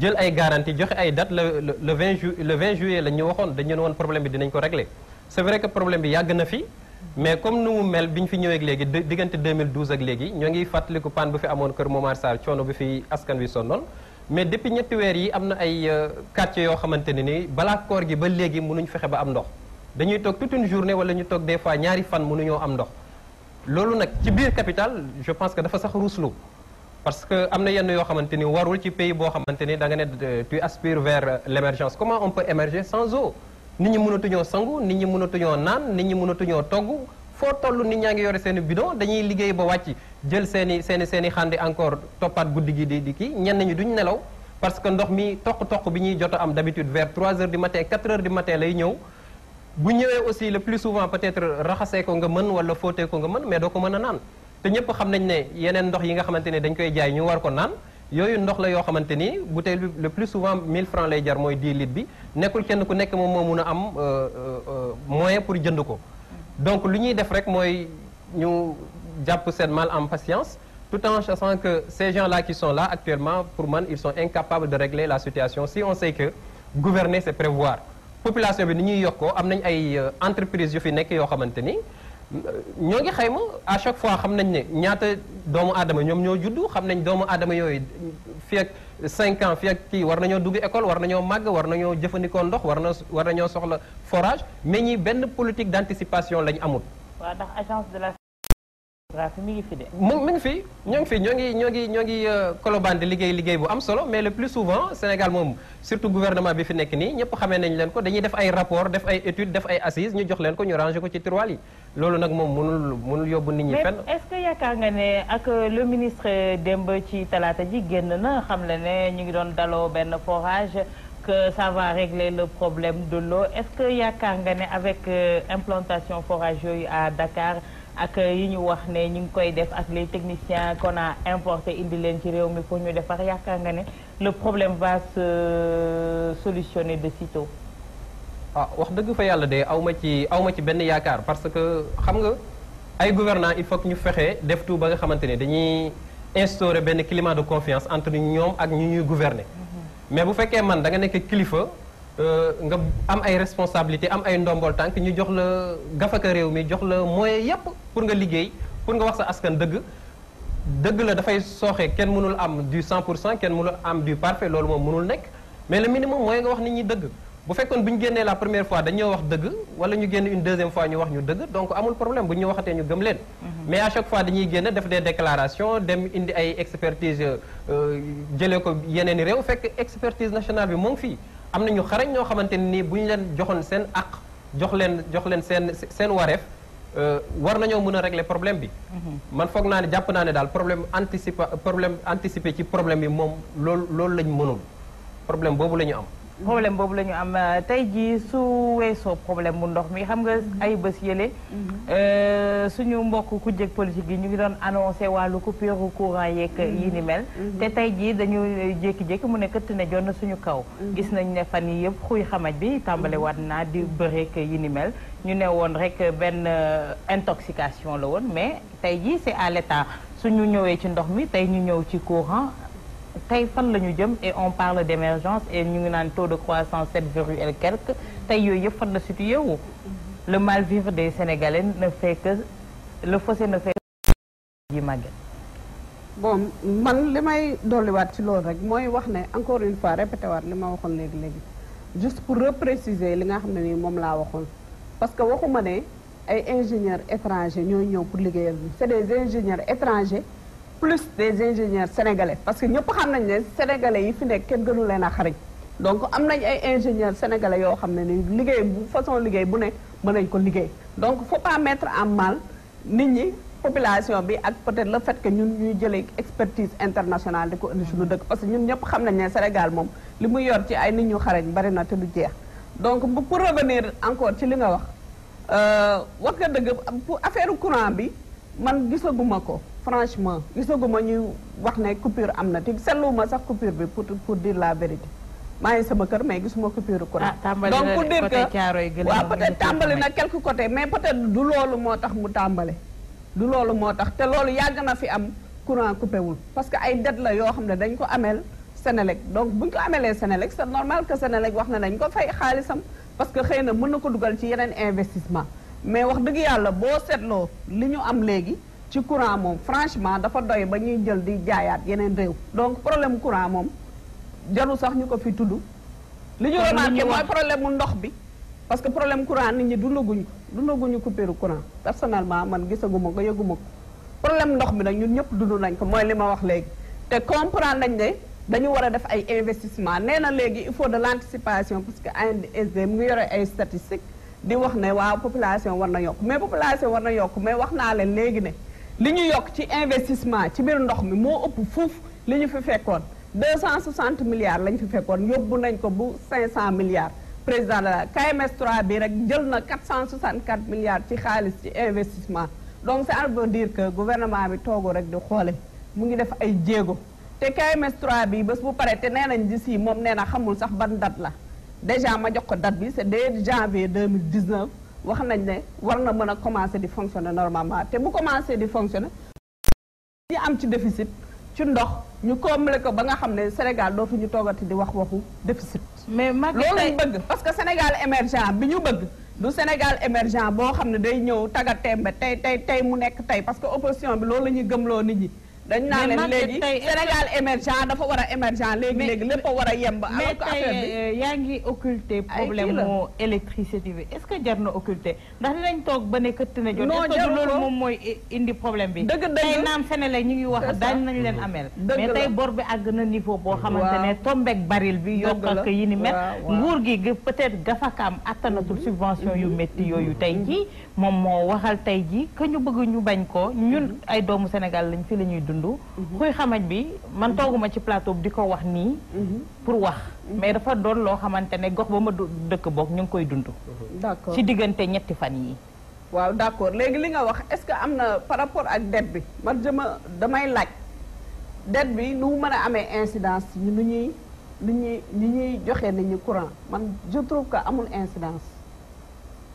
jël ay garanti joxe ay dat le le 20 ju le 20 juillet la ñu waxoon dañu ne problème bi dinañ ko régler c'est vrai que problème bi yàgg na fi mais comme nu mu mel bi ñu fi ñëwee ak léegi diggante 2012 ak léegi ñoo ngi fàttaliku panne bu fi amoon kër Momar Sarr coono bi fi askan wi sonnoon mais depuis ñetti weer yi am na ay euh, quartiers yoo xamante ne ni balaa koor gi ba léegi mënuñ fexe ba am ndox dañuy toog toute une journée wala ñu toog des fois ñaari fan ñoo am ndox loolu nag ci biir capital je pense que dafa sax ruslu parce que am na yenn yoo xamante ni warul ci pays boo xamante ni da nga ne euh, tu aspir vers euh, l'émergence comment on peut émerger sans eau nit ñi mënatuñoo sangu nit ñi mënatuñoo naan nit ñi mënatuñoo togg foo toll nit ñaa ngi yore seen i bidon dañuy liggéey ba wàcc jël seen i seen i seen i encore toppaat guddi gi di di kii ñenn ñi duñ nelaw parce que ndox mi toq-toq bi ñuy jot am d'habitude vers 3 heures du matin 4 heures lay ñëw bu ñëwee aussi le plus souvent peut-être raxasee ko nga mën wala fóotee ko nga mën mais doo ko mën a naan te ñëpp xam nañ ne yeneen ndox yi nga xamante ni dañ koy jaay ñu war ko naan yooyu ndox la yoo xamante ni bouteille bi le plus souvent 1000 francs lay jar mooy 10 litres bi nekkul kenn ku nekk moom moo mun am euh, euh, moyen pour jënd ko donc lu ñuy def rek mooy ñu jàpp seen mal en patience tout en sachant que ces gens la qui sont là actuellement pour man ils sont incapables de régler situation si on que gouverner prévoir population bi ni ñuy yokkoo am nañ ay euh, entreprise yu fi nekk yoo xamante ni euh, ñoo ngi xayma à chaque fois xam nañ ne ñaata doomu aadama ñoom ñoo juddu xam nañ doomu aadama yooyu fi ak 5 ans fi ak kii war nañoo dugg école war nañoo màgg war nañoo jëfandikoo ndox war na war nañoo soxla forage mais ñi benn politique d'anticipation lañ amul. waaw ndax Rafi mi ngi fi de. mu mi ngi fi ñoo ngi fi ñoo ngi ñoo ngi ñoo ngi euh, kolobaan liggéey liggéey bu am solo mais le plus souvent Sénégal moom surtout gouvernement bi fi nekk nii ñëpp xamee nañ leen ko dañuy def ay rapport def ay études def ay assises ñu jox leen ko ñu ranger ko ci tiroir loolu nag moom mënul mënul yóbbu nit ñi fenn. mais est-ce que yaakaar nga ne ak euh, le ministre démb ci talaata ji génn na xam la ne ñu ngi doon daloo benn forage. que ça va régler le problème de l'eau est-ce que yaakaar nga ne avec euh, implantation forage yooyu à Dakar. ak euh, yi ñu wax ne ñu ngi koy def ak les techniciens qu'on a importé indi leen ci réew mi pour ñu defar yaakaar nga ne le problème va se euh, solutionner de sitôt. ah wax dëgg fa yàlla de aw ma ci aw ma ci benn yaakaar parce que xam nga ay gouvernant il faut ñu fexe def tout ba nga xamante ne dañuy instaurer benn climat de confiance entre ñoom ak ñu ñuy gouverner. Mm-hmm. mais bu fekkee man da nekk kilifa. Euh, nga am ay responsabilité am ay ndombool tànk ñu jox la gafaka réew mi jox la moyen yépp pour nga liggéey pour nga wax sa askan dëgg dëgg la dafay sooxee kenn mënul am du 100 pour cent kenn mënul am du parfait loolu moom mënul nekk mais le minimum mooy nga wax nit ñi dëgg bu fekkoon bu ñu génnee la première fois dañoo wax dëgg wala ñu génn une deuxième fois ñu wax ñu dëgg donc amul problème bu ñu waxatee ñu gëm leen mhm. mais à chaque fois dañuy génn def des déclarations dem indi ay expertise euh, jëlee ko yeneen i réew fekk expertise nationale bi moo ngi am na ñu xarañ ñoo xamante ne nii bu ñu leen joxoon seen aq jox leen jox leen seen seen wareef euh, war nañoo mën a régler problème bi. Mhm. man foog naa ne jàpp naa ne daal problème anticipa problème anticipé ci problème bi moom loolu loolu lañ mënul problème boobu la ñu am. problème boobu la ñu am euh, tey jii su weesoo problème bu ndox mi xam nga ay bés yële. Mhm. Euh, suñu mbokk ku jëkk politique yi ñu ngi doon annoncé wàllu coupure courant yeeg mhm. yi ni mel. Mhm. te tey jii dañu euh, jékki-jékki mu ne këtt ne jot na suñu kaw. gis nañ ne fan yi yëpp xuy xamaj bi tàmbalewaat naa di bëreek yi ni mel. ñu ne woon rek benn intoxication la woon mais tey jii c'est à l'état suñu ñëwee ci ndox mi tey ñu ñëw ci courant. tey fan la ñu jëm et on parle d' émergence et ñu ngi naan taux de croissance sept virgule quelque tey yooyu yëpp fan la situé wu le mal vivre des sénégalais ne fait le fossé ne fait yi bon man li may dolliwaat ci loolu rek mooy wax ne encore une fois répété waat li ma waxoon léegi léegi juste pour repréciser li nga xam ne nii moom laa waxoon parce que waxuma ne ay ingénieurs étrangers ñooy ñëw pour liggéeyal c'est des ingénieurs étrangers plus des ingénieurs sénégalais parce que ñëpp xam nañ ne sénégalais yi fi nekk kenn gënu leen a xarañ donc am nañ ay ingénieurs sénégalais yoo xam ne ni liggéey bu façon liggéey bu ne mën nañ ko liggéey donc faut pas mettre en mal nit ñi population bi ak peut-être le fait ñun ñuy jëlee expertise internationale di ko indi suñu dëkk parce que ñun ñëpp xam nañ ne Sénégal moom li mu yor ci ay nit ñu xarañ bari na te du jeex donc bu pour revenir encore ci li nga wax euh, wax nga dëgg pour affaire courant bi man gisaguma ko franchement gisaguma ñuy wax ne coupure am na te setluma sax coupure bi pour pour dire la vérité maa ngi sama kër mais gisuma coupure courant ah, donc pour dire que waaw peut-être tàmbali na quelque côté mais peut-être du loolu moo tax mu tàmbale du loolu moo tax te loolu yàgg na fi am courant coupé wul parce que ay dette la yoo xam ne dañ ko ameel Senelec donc bu ñu ko ameelee Senelec c'est normal que Senelec wax na nañ ko fay xaalisam parce que xëy na mën na ko dugal ci yeneen investissement mais wax dëgg yàlla boo seetloo li ñu am léegi ci courant moom franchement dafa doy ba ñuy jël di jaayaat yeneen réew donc problème courant moom jarul sax ñu ko fi tudd li ñu remarqué mooy problème mu ndox bi parce que problème courant nit ñi dundaguñ ko dundaguñu coupure courant personnellement man gisaguma ko yëguma ko problème ndox bi nag ñun ñëpp dund nañ ko mooy li ma wax léegi te comprendre nañ ne dañu war a def ay investissement nee na léegi il faut de l'anticipation parce que ANSD mu ngi yore ay wax ne waaw population war yokk mais population war na yokk mais wax naa leen léegi ne li ñu yokk ci investissement ci biir ndox mi moo ëpp fuuf li ñu fi fekkoon 260 milliards lañ fi fekkoon yóbbu nañ ko bu 500 milliards président de la KMS 3 bi rek jël na 464 milliards ci xaalis ci investissement donc ça veut dire que gouvernement bi toogu rek di xoole mu ngi def ay jéego te KMS 3 bi bés bu pare te nee nañ di si moom nee na xamul sax ban dat la déjà ma jox ko date bi c'est dès janvier 2019 wax nañ ne war na mën a commencer di fonctionner normalement te bu commencer di fonctionner ñu am ci déficit ci ndox ñu comblé ko ba nga xam ne Sénégal dootu ñu toogati di wax waxu déficit mais loolu lañ bëgg parce que Sénégal émergent bi ñu bëgg du Sénégal émergent boo xam ne day ñëw taga ba tey tey tey mu nekk tey parce que opposition bi loolu la ñuy loo nit ñi dañ naa leen léegi Sénégal émergent dafa war a émergent léegi léegi lépp a war a yemb. alors que affaire bi euh, yaa ngi occulter problème mu électricité bi est-ce que jar na occulter ndax dinañ toog ba ne këtt na jot. est-ce que loolu moom mooy indi problème bi. dëgg dëgg naam Sénégal ñu ngi wax daañu nañ leen ameel. mais tey bor bi àgg na niveau boo. xamante ne tombeek baril bi. yokk ak yi ni mel nguur gi peut-être gafakaam attanatul mm-hmm. subvention yu métti mm-hmm. mm-hmm. yooyu tey jii moom moo waxal tey jii que ñu bëgg ñu bañ ko ñun ay doomu Sénégal lañ fi la ñuy dund dund xuy xamaj bi man tooguma ci plateau bi di ko wax nii pour wax mais dafa doon loo xamante ne gox ba ma dëkk boog ñu ngi koy dund d'accord ci diggante ñetti fan yi waaw d'accord léegi li nga wax est-ce que am na par rapport ak dette bi man jëma damay laaj dette bi nu mu mën a amee incidence ñu nu ñuy lu ñuy ñu ñuy joxe nit ñi courant man je trouve que amul incidence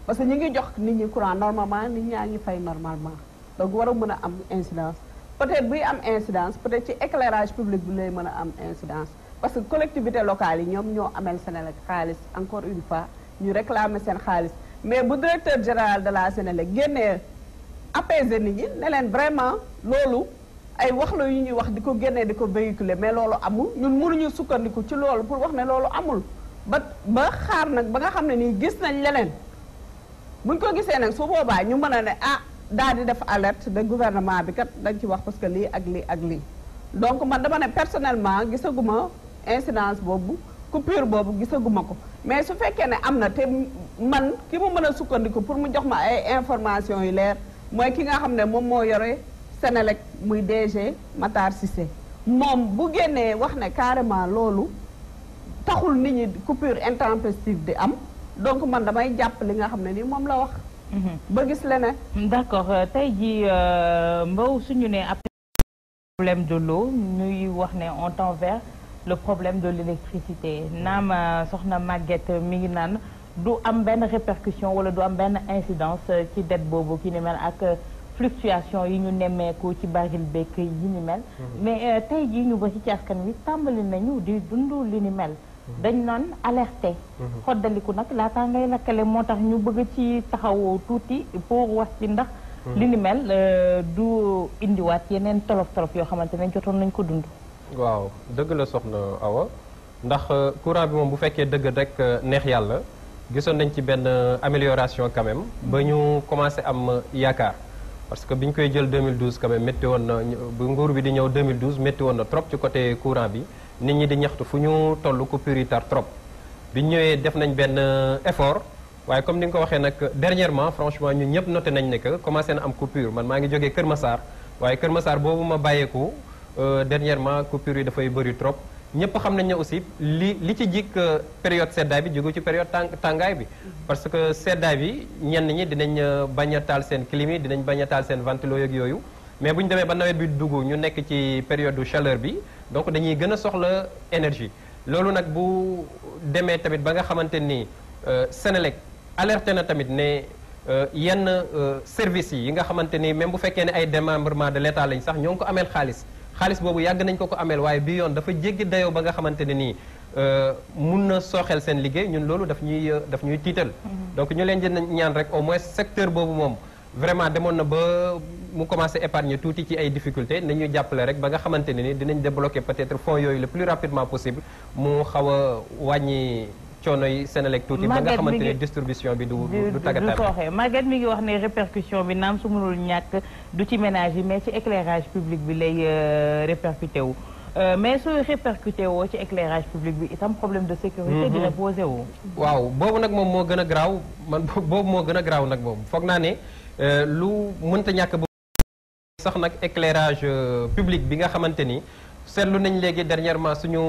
parce que ñu ngi jox nit ñi courant normalement nit ñaa ngi fay normalement donc war a mën a am incidence peut-être buy am incidence peut-être ci éclairage public bi lay mën a am incidence parce que collectivité locale yi ñoom ñoo amel Senelec xaalis encore une fois ñu réclamer seen xaalis mais bu directeur général de la Senelec génnee apaiser nit ñi ne leen vraiment loolu ay wax la yu ñuy wax di ko génnee di ko véhiculer mais loolu amul ñun mënuñu sukkandiku ci loolu pour wax ne loolu amul ba ba xaar nag ba nga xam ne nii gis nañ leneen buñ ko gisee nag su boobaa ñu mën a ne ah daal di def alerte de gouvernement bi kat dañ ci wax parce que lii ak lii ak lii donc man dama ne personnellement gisaguma insidence boobu coupure boobu gisaguma ko mais su fekkee ne am na te man ki mu mën a sukkandiku pour mu jox ma ay information yu leer mooy ki nga xam ne moom moo yore Senelec muy DG Matar Cissé moom bu génnee wax ne carrément loolu taxul nit ñi coupure intempestive di am donc man damay jàpp li nga xam ne nii moom la wax ba gis la leneen. d'accord euh, tey jii euh, Mbow suñu ne après problème de l'eau ñuy wax ne on temps vers le problème de l'électricité naam euh, soxna Maguette mi ngi naan du am benn répercussion wala du am benn incidence ci dette boobu ki ni mel ak fluctuation yi ñu nemmeeku ci baril bekk yi ni mel mhm. mais tey jii ñu ba ci askan wi tàmbali nañu di dund li ni mel dañ naan alerté mhm. xoddaliku nag laataa ngay lakkale moo tax ñu bëgg ci taxaw tuuti pour wax ci ndax mhm. li ni mel euh, du indiwaat yeneen tolof tolof yoo xamante ne jotoon nañ ko dund waaw dëgg la soxna Awa ndax euh, courant bi moom bu fekkee dëgg rek euh, neex yàlla gisoon nañ ci benn amélioration quand ba ñu commencé am yaakaar parce que bi ñu koy jël 2012 quand même métti woon na bu nguur bi di ñëw 2012 métti woon na trop ci côté courant bi nit ñi di ñaxtu fu ñu toll coupure trop bi ñëwee def nañ benn euh, effort waaye comme ni nga ko waxee nag dernièrement franchement ñun ñëpp note nañ ne que commencé na am coupure man maa ngi jógee Kër Massar waaye Kër masaar boobu ma bàyyeeku euh, dernièrement coupure yi dafay bëri trop ñëpp xam nañ ne aussi li li ci jik euh, période seddaay bi jógu ci période tàngaay bi parce que seddaay bi ñenn ñi dinañ bañ a taal seen clim dinañ bañ taal seen ventilo yeeg mais bu demee ba nawet bi dugg ñu nekk ci période chaleur bi donc dañuy gën a soxla énergie loolu nag bu demee tamit ba nga xamante ni euh, Sénélec alerte na tamit ne euh, yenn euh, services yi yi nga xamante ni même bu fekkee ne ay demembrement de l'État lañ sax ñoo ngi ko ameel xaalis xaalis boobu yàgg nañ ko ko ameel waaye bi yoon dafa jéggi dayoo ba nga xamante ne nii mun na sooxeel seen liggéey ñun loolu daf ñuy daf ñuy tiital mm-hmm. donc ñu leen di ñaan rek au moins secteur boobu moom vraiment demoon na ba mu commencé épargner tuuti ci ay difficultés nañu jàppale rek ba nga xamante ne ni dinañ débloquer peut-être fonds yooyu le plus rapidement possible mu xaw wàññi. coono yi Senelec tuuti ba nga xamante ne distribution bi du du tàggataaw Maguette mi ngi wax ne répercussion bi naam su mënul ñàkk du ci ménage yi mais ci éclairage public bi lay euh, répercuté wu euh, mais su répercuté woo ci éclairage public bi itam problème de sécurité mhm. dina posé wu waaw boobu nag moom moo gën a garaaw man boobu moo gën a garaaw nag moom foog naa ne Euh, lu mënta ñàkk bu sax nag éclairage euh, public bi nga xamante ni seetlu nañ léegi dernièrement suñu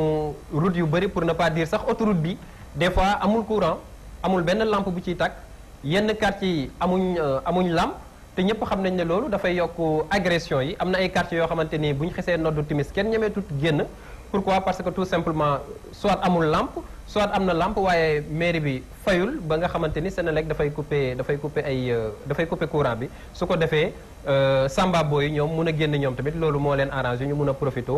route yu bëri pour ne pas dire sax autoroute bi des fois amul courant amul benn lampe bu ciy tàkk yenn quartier yi amuñ euh, amuñ lampe te ñëpp xam nañ ne loolu dafay yokk agression yi am na ay quartiers yoo xamante ni bu ñu xesee noddu timis kenn ñemeetut génn pourquoi parce que tout simplement soit amul lampe soit am na làmp waaye mairie bi fayul ba nga xamante ni seen Senelec dafay couper dafay couper ay euh, dafay couper courant bi su ko defee euh, samba yi ñoom mun a génn ñoom tamit loolu moo leen arrangé ñu mun a profito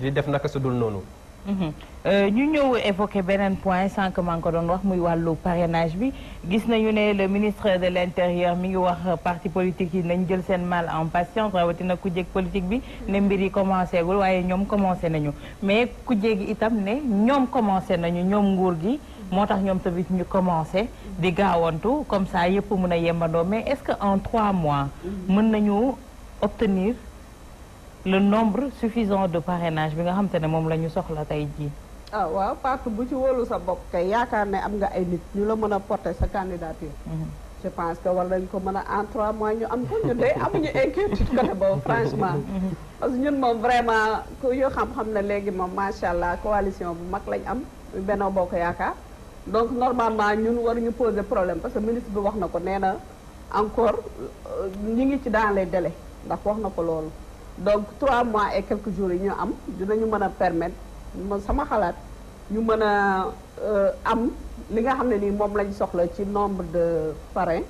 di def naka su dul noonu. Mhm. Euh, ñu ñëw évoqué beneen point sànq maa ngi ko doon wax muy wàllu parrainage bi gis nañu ne le ministre de l' intérieur mi ngi wax parti politique yi nañ jël seen mal en patience rawatina ku jéeg politique bi ne mbir yi commencé gul waaye ñoom commencé nañu mais ku jéegi itam ne ñoom commencé nañu ñoom nguur gi moo tax ñoom tamit ñu commencé di gaawantu comme ça yëpp mun a yembandoo mais est ce que en trois mois mën nañu obtenir le nombre suffisant de parrainage bi nga xam te ne moom la ñu soxla tey jii. ah waaw parti bu ci wóolu sa bopp kay yaakaar ne am nga ay nit ñu la mën a porter sa candidature. Mhm. je pense que war nañ ko mën a en trois mois ñu am ko ñun day amuñu inquiétude côté boobu franchement. Mhm. parce ñun moom vraiment ku yoo xam-xam ne léegi moom macha allah coalition bu mag lañ am Benno Bokk Yaakaar donc normalement ñun waruñu poser problème parce que ministre bi wax na ko nee na encore euh, ñi ngi ci dans les délais ndax wax na ko loolu. donc trois mois et quelques jours yi ñu am dinañu mën a permettre ma sama xalaat ñu mën a euh, am li nga xam ne nii moom lañ soxla ci nombre de parrains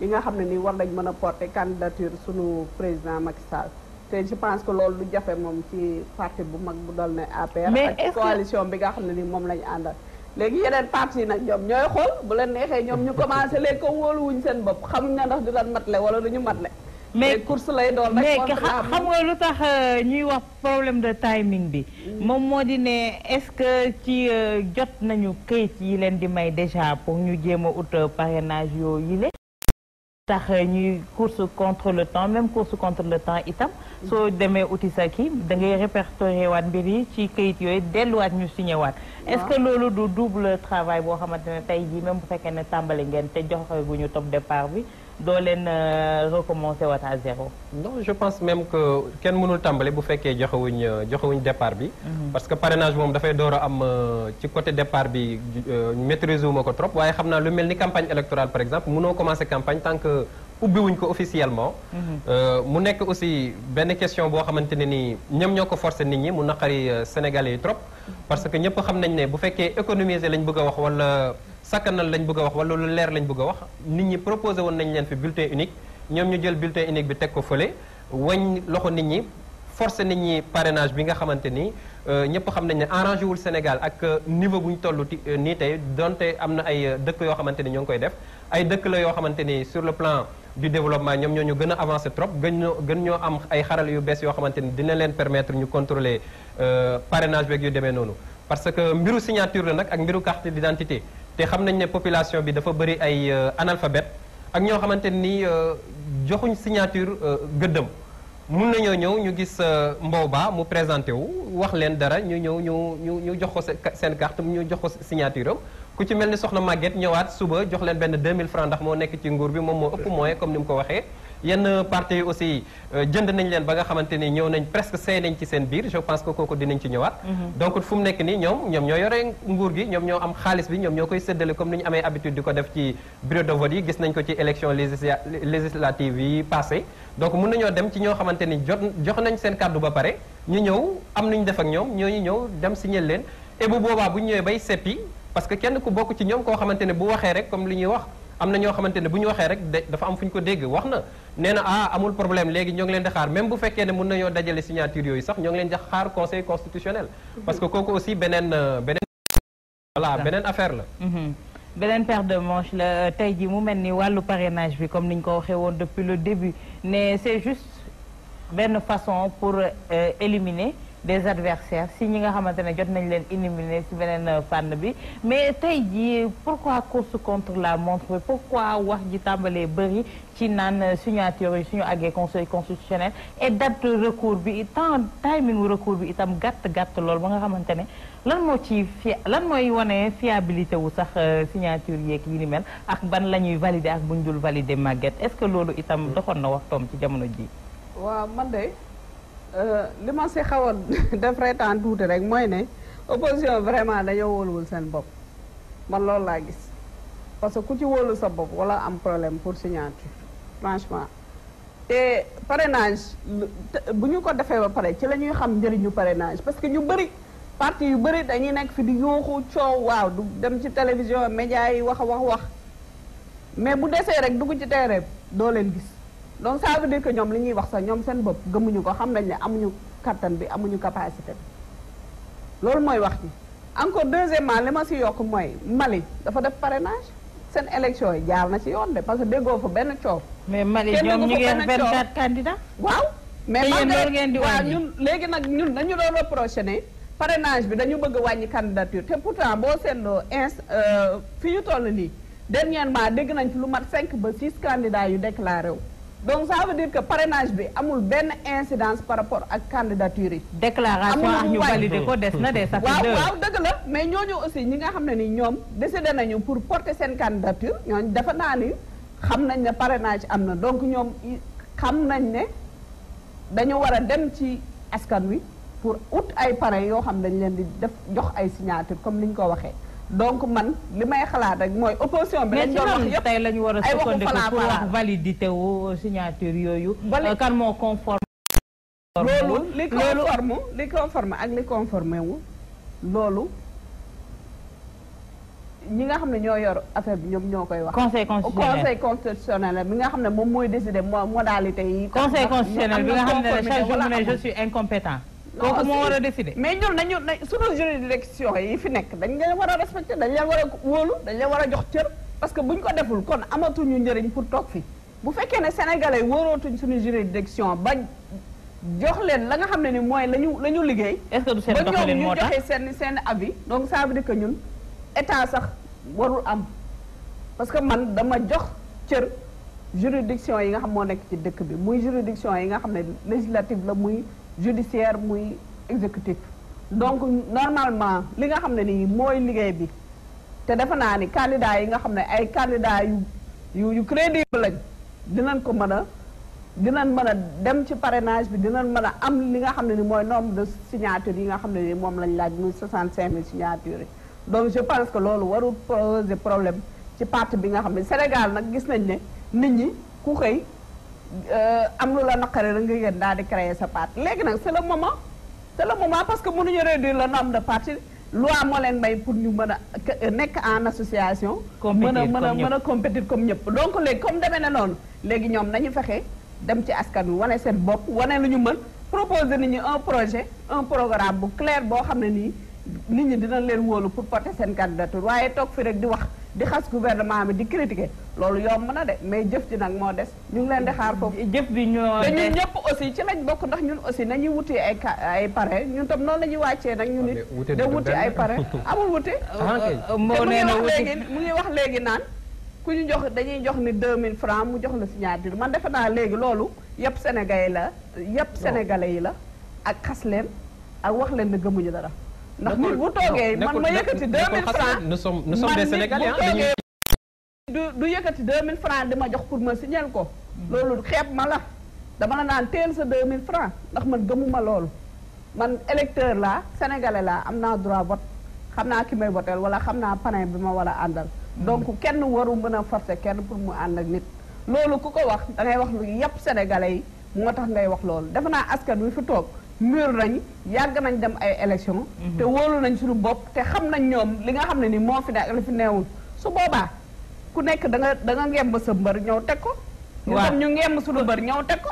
yi nga xam ne nii war nañ mën a porter candidature suñu président Macky Sall te je pense que loolu jafe moom ci parti bu mag bu dal ne APR ak coalition bi nga xam ne nii moom lañ àndal léegi yeneen parti yi nag ñoom ñooy xool bu leen neexee ñoom ñu commencé lekk ko seen bopp xam nga ndax dinañ matle wala duñu matle mais course lay doon mais xam nga lu tax euh, ñuy wax problème de timing bi mm. moom moo di ne est-ce que ci euh, jot nañu kayit yi leen di may déjà pour ñu jéem a ut euh, parrainage yooyu le tax ñuy course contre le temps même course contre le temps itam soo mm. demee uti sa kii da ngay répertorier waat mbir yi ci kayit yooyu delluwaat ñu signé waat est-ce que loolu du double travail boo xamante ne tey jii même bu fekkee ne tàmbali ngeen te joxe gu ñu top départ bi doo leen euh, recommencer waat à zéro. non je pense même que kenn mënul tàmbali bu fekkee joxewuñ euh, joxewuñ départ bi. Mhm. parce que parrainage moom dafay door a am euh, ci côté départ bi maîtriser wu ma ko trop waaye xam naa lu mel ni campagne électorale par exemple mënoo commencer campagne tant que ubbi wuñ ko officiellement. Mhm. mu nekk aussi benn question boo xamante ne ni ñoom ñoo ko forcer nit ñi mu naqari Sénégalais yi trop. parce que ñëpp xam nañ ne bu fekkee économiser lañ bëgg a wax sakkanal lañ bëgg a wax wala lu leer lañ bëgg wax nit ñi proposé woon nañ leen fi bulletin unique ñoom ñu jël bulletin unique bi teg ko fële wañ loxo nit ñi forcé nit ñi parenage bi nga xamante ni euh, ñëpp xam nañ ne arrangé wul Sénégal ak euh, niveau bu ñu toll euh, nii tey donte am na ay dëkk yoo xamante ni ñoo ngi koy def ay dëkk la yoo xamante ni sur le plan du développement ñoom ñoo ñu gën a avancé trop gën ñoo gën ñoo am ay xaral yu bees yoo xamante ni dina leen permettre ñu contrôler parrainage beeg yu demee noonu parce que mbiru signature la nag ak mbiru carte d'identité te xam nañ ne population bi dafa bëri ay euh, analphabète ak ñoo xamante ni euh, joxuñ signature euh, gëddëm mun nañoo ñëw ñu gis Mbowba mu présenté wu wax leen dara ñu ñëw ñu ñu ñu jox ko seen carte ñu jox ko signature am ku ci mel ni soxna Maguette ñëwaat suba jox leen benn 2000 francs ndax moo nekk ci nguur bi moom moo ëpp moyen comme ni mu ko waxee yenn parti aussi euh, jënd nañ leen ba nga xamante ni ñëw nañ presque seey nañ ci seen biir je pense que kooku dinañ ci ñëwaat mhm. donc fu mu nekk nii ñoom ñoo yore nguur gi ñoom ñoo am xaalis bi ñoom ñoo koy séddale comme ni ñu amee habitude di ko def ci bureau de vote yi gis nañoo dem ñoo xamante ni jot jox nañ seen kàddu ba pare ñu ñëw am nañu def ak ñoom ñooñu ñëw dem signer leen et bu boobaa bu ñu ñëwee bay seppi parce que kenn ku bokk ci ñoom koo xamante ne bu waxee rek comme li ñuy wax am na ñoo xamante ne bu ñu waxee rek dafa am fu ñu ko dégg wax na nee na ah amul problème léegi ñoo ngi leen di xaar même bu fekkee ne mën nañoo dajale signature yooyu sax ñoo ngi leen di xaar conseil constitutionnel parce que kooku aussi beneen euh, beneen voilà beneen affaire la mhm. beneen paire de manche la euh, tey ji mu mel ni wàllu parrainage bi comme ni ñu ko waxee woon depuis le début ne c'est juste benn façon pour euh, éliminer des adversaires si ñi nga xamante ne jot nañ leen éliminer si beneen euh, fànn bi mais tey jii pourquoi course contre la montre pourquoi wax ji tàmbalee bëri ci naan euh, signature yi suñu àggee conseil constitutionnel et date recours bi temps timing recours bi itam gàtt gàtt lool ba nga xamante ne lan moo ci fi lan mooy wane fiabilité wu sax euh, signature yeeg yi ni mel ak ban la ñuy valider ak buñ dul valider màgget est-ce que loolu itam doxoon na waxtoom ci jamono ji waaw Euh, li ma si xawoon a def reetaan tuuti rek mooy ne opposition vraiment dañoo wóoluwul seen bopp man loolu laa gis parce que ku ci wóolu sa bopp wala am problème pour signature franchement te pare parrainage bu ñu ko defee ba pare ci la ñuy xam njëriñu parrainage parce que ñu bëri parti yu bëri dañuy nekk fi di yuuxu coow waaw du dem ci télévision média yi wax a wax wax mais bu desee rek dugg ci terrain doo leen gis donc ça veut dire ñoom li ñuy wax sax ñoom seen bopp gëmuñu ko xam nañ ne amuñu kattan bi amuñu capacité bi loolu mooy wax ji encore deuxièmement li ma si yokk mooy Mali dafa def parrainage seen élection yi jaar na ci yoon de parce que déggoo fa benn coow. mais Mali ñoom ñu ngeen 24 candidats. waaw mais man de waaw ñun léegi nag ñun dañu doon reproché ne parenage bi dañu bëgg a wàññi candidature te pourtant boo seetloo ins euh, fi ñu toll nii dernièrement dégg nañ ci lu mat 5 ba 6 candidats yu déclaré wu. donc ça veut dire que parrainage bi amul benn incidence par rapport ak candidature yi. déclaration ak ñu validé ko des na des. waaw waaw dëgg la mais ñooñu aussi ñi nga xam ne ni ñoom décidé nañu pour porter seen candidature ñooñu dafa naa ni xam nañ ne parrainage am na donc ñoom xam nañ ne dañu war a dem ci askan wi pour ut ay parrain yoo xam dañ leen di def jox ay signature comme ni ñu ko waxee. donc man li may xalaat rek mooy opposition bi lañ doon wax yëpp tey la ñu war a sukkandiku pour wax validité wu yooyu. Euh, kan moo conforme. loolu li conforme li conforme ak li conforme wu loolu. ñi nga xam ne ñoo yor affaire bi ñoom conseil constitutionnel bi nga xam ne moom mooy décider mo modalité yi. conseil constitutionnel bi nga xam ne chaque jour mu ne je suis incompétent. kooku moo war a décider mais ñun nañu na sunu juridiction yi fi nekk dañ leen war a respecté dañ leen war a wóolu dañ leen war a jox cër parce que buñ ko deful kon amatuñu njëriñ pour toog fi bu fekkee ne sénégalais wóorootuñ suñu juridiction ba jox leen la nga xam ne ni mooy la ñu la ñu liggéey ba ñoom ñu joxe seen seen avis donc ça veut dire que ñun état sax warul am parce que man dama jox cër juridiction yi nga xam moo nekk ci dëkk bi muy juridiction yi nga xam ne législative la muy judiciaire muy exécutif donc normalement li nga xam ne nii mooy liggéey bi te defe naa ni candidat yi nga xam ne ay candidat yu yu yu crédible lañ dinañ ko mën a dinañ mën a dem ci parenage bi dinan mën a am li nga xam ne ni mooy nombre de signatures yi nga xam ne ni moom lañ laaj muy 65 000 signatures yi donc je pense que loolu warul poser problème ci parti bi nga xam ne Sénégal nag gis nañ ne nit ñi ku xëy Euh, am lu la naqare rek nga yéen daal di créer sa parti léegi nag c'est le moment c'est le moment parce que ñu réduire le nombre de partis loi moo leen may pour ñu mën a euh, nekk en association. mën a mën a mën a compétir comme ñëpp. donc léegi comme demee na noonu léegi ñoom nañu fexe dem ci askan wi wane seen bopp wane lu ñu mën proposer nit ñi un projet un programme bu clair boo xam ne nii nit ñi dina leen woolu pour porté seen candidature waaye toog fi rek di wax di xas gouvernement bi di critiquer. loolu yomb na de mais jëf ji nag moo des ñu ngi leen di xaar foofu. jëf bi ñoo te ñun ñëpp aussi ci lañ bokk ndax ñun aussi nañuy wuti ay ay pare ñun tam noonu la ñuy wàccee nag ñu nit de wuti ay pare amul wuti ah, euh, euh, moo nee na wuti mu ngi wax léegi naan ku ñu jox dañuy jox ni mille francs mu jox la si ñaar signature man defe naa léegi loolu yëpp sénégalais la yëpp yi la ak xas leen ak wax leen ne gëmuñu dara ndax nit bu toogee man ma yëkkati 2000 francs nous sommes nous sommes du du yëkkati 2000 francs di ma jox pour ma signal ko. loolu xeeb ma la dama la naan teel sa mille francs ndax ma gëmuma loolu man électeur laa sénégalais laa am naa droit vote xam naa ki may voteel wala xam naa parrain bi ma wala a àndal. Hmm. donc kenn waru mën a forcer kenn pour mu ànd ak nit. loolu ku ko wax da wax lu yëpp sénégalais yi moo tax ngay wax loolu defe naa askan wi fi toog mur nañ yàgg nañ dem ay élection hmm. te wóolu nañ suñu bopp te xam nañ ñoom li nga xam ne ni moo fi nekk li fi neewul su boobaa. ku nekk da nga da nga ngemb sa mbër ñëw teg ko waaw ñu ngeem suñu bër ñëw teg ko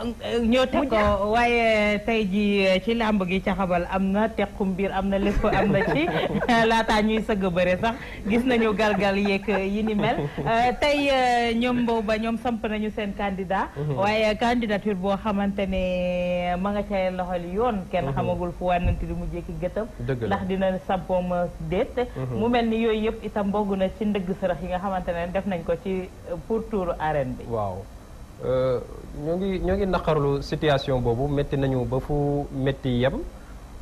ñëw teg ko waaye tey ji eh, ci làmb gi ca xabal am na tequm biir am na lépp am na ci laataa ñuy sëgg bëre sax gis nañu galgal yeeg eh, yi ni mel eh, tey ñoom mbow ba ñoom samp nañu seen candidat mhm. waaye candidature boo xamante ne ma nga cay loxol yoon mhm. kenn xamagul fu wànnante di mu jekki gëtam ndax dina sampoom déet mhm. mu mel ni yooyu yëpp itam bogg na ci ndëgg sërëx yi nga xamante ne def nañ ko ci pour tour arène bi waaw Euh, ñoo ngi ñoo ngi naqarlu situation boobu métti nañu ba fu métti yem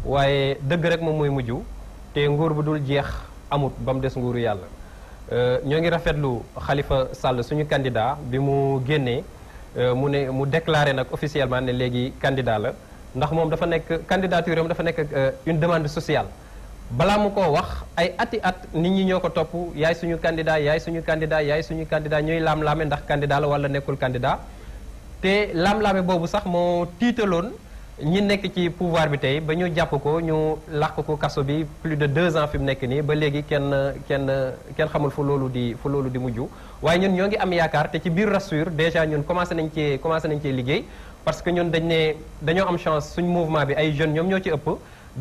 waaye dëgg rek moom mooy mujj te nguur bu dul jeex amut ba mu des nguuru yàlla euh, ñoo ngi rafetlu xalifa Sall suñu candidat bi mu génnee euh, mu ne mu déclaré nag officiellement ne léegi candidat la ndax moom dafa nekk candidature am dafa nekk une demande sociale balaa mu ko wax ay ati at nit ñi ñoo ko topp yaay suñu candidat yaay suñu candidat yaay suñu candidat ñuy laam-laame ndax candidat la wala nekkul candidat te laam-laame boobu sax moo tiitaloon ñi nekk ci pouvoir bi tey ba ñu jàpp ko ñu làq ko kaso bi plus de deux ans fi mu nekk nii ba léegi kenn kenn kenn xamul fu loolu di fu loolu di mujj waaye ñun ñoo ngi am yaakaar te ci biir rassure déjà ñun commencé nañ cee commencé nañ cee liggéey parce que ñun dañ ne dañoo am chance suñ mouvement bi ay jeunes ñoom ñoo ci ëpp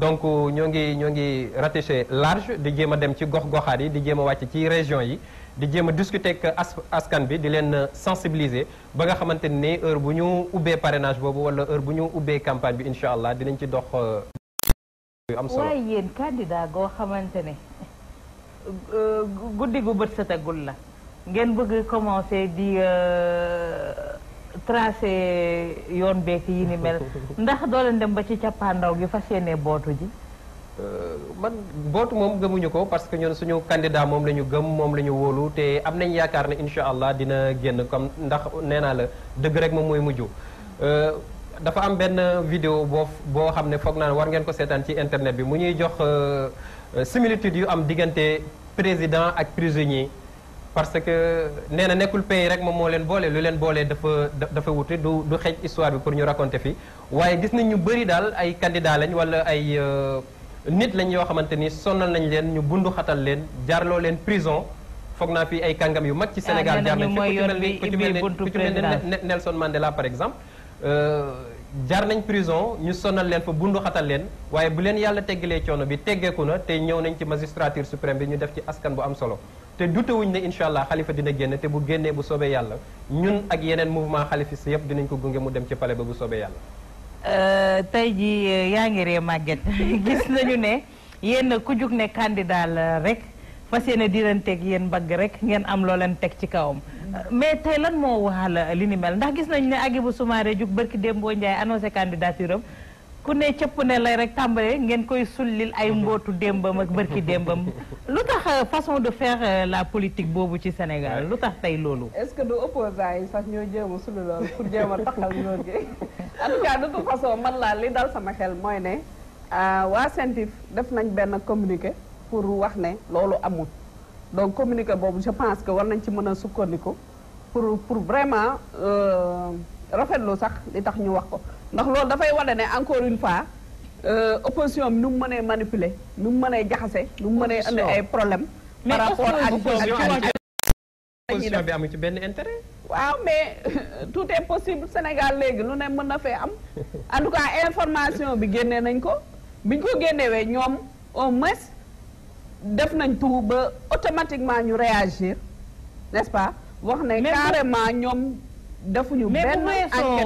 donc euh, ñoo ngi ñoo ngi rattaché large di jéem a dem ci gox-goxaat yi di jéem a wàcc ci région yi di jéem a discuter ak askan bi di leen euh, sensibiliser ba nga xamante ni heure bu ñu ubbee parrainage boobu wala heure bu ñu ubbee campagne bi incha allah dinañ ci dox euh, am solo waaye yéen goo xamante ne guddi gu bët setagul la tracé yoon beek yi ni mel ndax dooleen dem ba ci cappaandaw gi fas yéenee bootu ji euh, man bootu moom gëmuñu ko parce que ñun suñu candidat moom la ñu gëm moom la ñu wóolu te am nañ yaakaar ne incha allah dina génn comme ndax nee naa la dëgg rek moom mooy mujj euh, dafa am benn vidéo boo boo xam ne foog naa ne war ngeen ko seetaan ci internet bi mu ñuy jox euh, similitude yu am diggante président ak prisonnier parce que nee na nekkul pays rek moom moo leen boolee lu leen boolee dafa dafa wuti du du xëj histoire bi pour ñu raconter fii waaye gis nañ ñu bëri daal ay candidat lañ wala ay euh, nit lañ yoo xamante ni sonal nañ leen ñu bunduxatal leen jaar loo leen prison foog naa fi ay kàngam yu mag ci ah, Sénégal jaar nañ fi ku ci mel ni ku ci mel ni Nelson Mandela par exemple euh, jaar nañ prison ñu sonal leen fa bundu leen waaye bu leen yàlla teggalee coono bi teggeeku na te ñëw nañ ci magistrature suprême bi ñu def ci askan bu am solo te dutewuñ ne incha allah xalifa dina génn te bu génnee bu soobee yàlla ñun ak yeneen mouvement xalifiste yëpp dinañ ko gunge mu dem ci pale ba bu soobee yàlla. Euh, tey jii euh, yaa ngi ree Maguette gis nañu ne yéen ku jug ne candidat la rek fas yéene diiranteeg yéen mbagg rek ngeen am loo leen teg ci kawam. Euh, mais tey lan moo waxal li ni mel ndax gis nañu ne Agibou Soumaré jug barki Dembo Ndiaye annoncé candidature am. ku ne cëpp ne lay rek tàmbalee ngeen koy sullil ay mbootu démbam ak bërki démbam lu tax euh, façon de faire euh, la politique boobu ci Sénégal lu tax tey loolu. est-ce que du opposants yi sax ñoo jéem a sulli pour jéem a taxal ñoom gi man laa li dal sama xel mooy ne euh, waa CENTIF def nañ benn communiqué pour wax ne loolu amul donc communiqué boobu je pense que war nañ ci mën a sukkandiku pour pour vraiment rafetlu sax li tax ñu wax ko. ndax loolu dafay wane ne encore une fois euh, opposition bi nu mu mënee manipuler nu mu mënee jaxase nu mu mënee indi ay problème par rapport ak opposition bi amu ci benn intérêt waaw mais euh, tout est possible Sénégal léegi lu ne mën na fee am en tout cas information bi génnee nañ ko biñ ko génnewee ñoom au moins def nañ tout ba automatiquement ñu réagir nest pa pas wax ne carrément ñoom defuñu benn enquête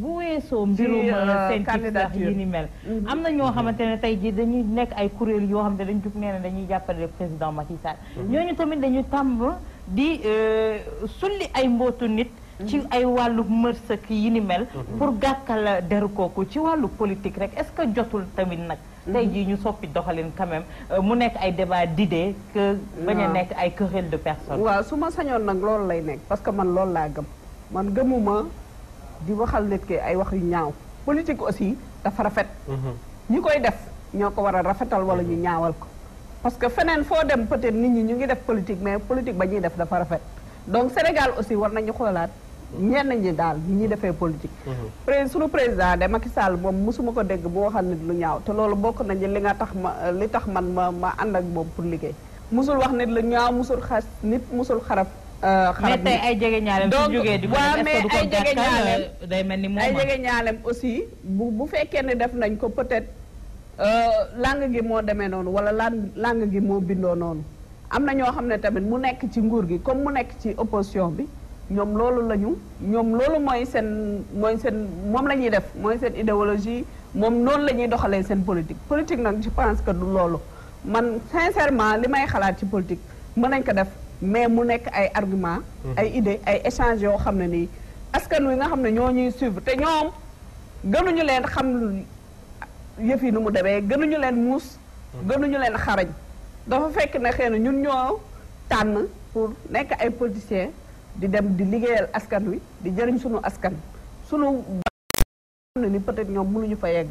bu weesoo mbirum euh, euh, syndicat yi ni mel mm-hmm. am na ñoo mm-hmm. xamante ne tey jii dañuy nekk ay kuréel yoo xam ne dañ jug nee ne dañuy jàppale président Macky Sall mm-hmm. ñooñu tamit dañu tàmb di euh, sulli ay mbootu nit ci ay wàllu mërsëk yi ni mel pour gàkkal deru kooku ci wàllu politique rek est-ce que jotul tamit nag tey jii ñu soppi doxalin quand mu nekk ay débat d'idées que bañ a nekk ay querelle de personnes waaw su ma sañoon nag loolu lay nekk parce que man loolu laa gëm man gëmuma di waxal nit ki ay wax yu ñaaw politique aussi dafa rafet mhm. ñi koy def ñoo ko war a rafetal wala ñu mhm. ñaawal ko parce que feneen foo dem peut nit ñi ñu ngi def politique mais politique ba ñuy def dafa rafet donc Sénégal aussi war nañu xoolaat mhm. ñenn ñi daal ñi ñuy defee politique pré suñu président de Macky Sall moom mosuma ko dégg bu waxal nit lu ñaaw te loolu bokk nañu li nga tax ma li tax man ma ma ànd ak moom pour liggéey mosul wax nit lu ñaaw mosul xas nit mosul xaraf mais tey ay jege ñaaleem su jógee di waaw mais ay jege euh, ñaaleem day mel ni moom ay ñaaleem aussi bu bu fekkee ne def nañ ko peut-être euh, langue gi moo demee noonu wala langue langue gi moo bindoo noonu am na ñoo xam ne tamit mu nekk ci nguur gi comme mu nekk ci opposition bi ñoom loolu la ñu ñoom loolu mooy seen mooy seen moom la ñuy def mooy seen idéologie moom loolu la ñuy doxalee seen politique politique nag je pense loolu man sincèrement li may xalaat ci politique mën nañ ko def mais mu nekk ay arguments mm-hmm. ay idée ay échange yoo xam ne nii askan wi nga xam ne ñoo ñuy suivre te ñoom gënuñu leen xam yëf yi nu mu demee gënuñu leen muus mm-hmm. gënuñu leen xarañ dafa fekk na xëy na ñun ñoo tànn pour nekk ay politiciens di dem di liggéeyal askan wi di jëriñ sunu askan sunu ba xam ne ni peut-être ñoom mënuñu fa yegg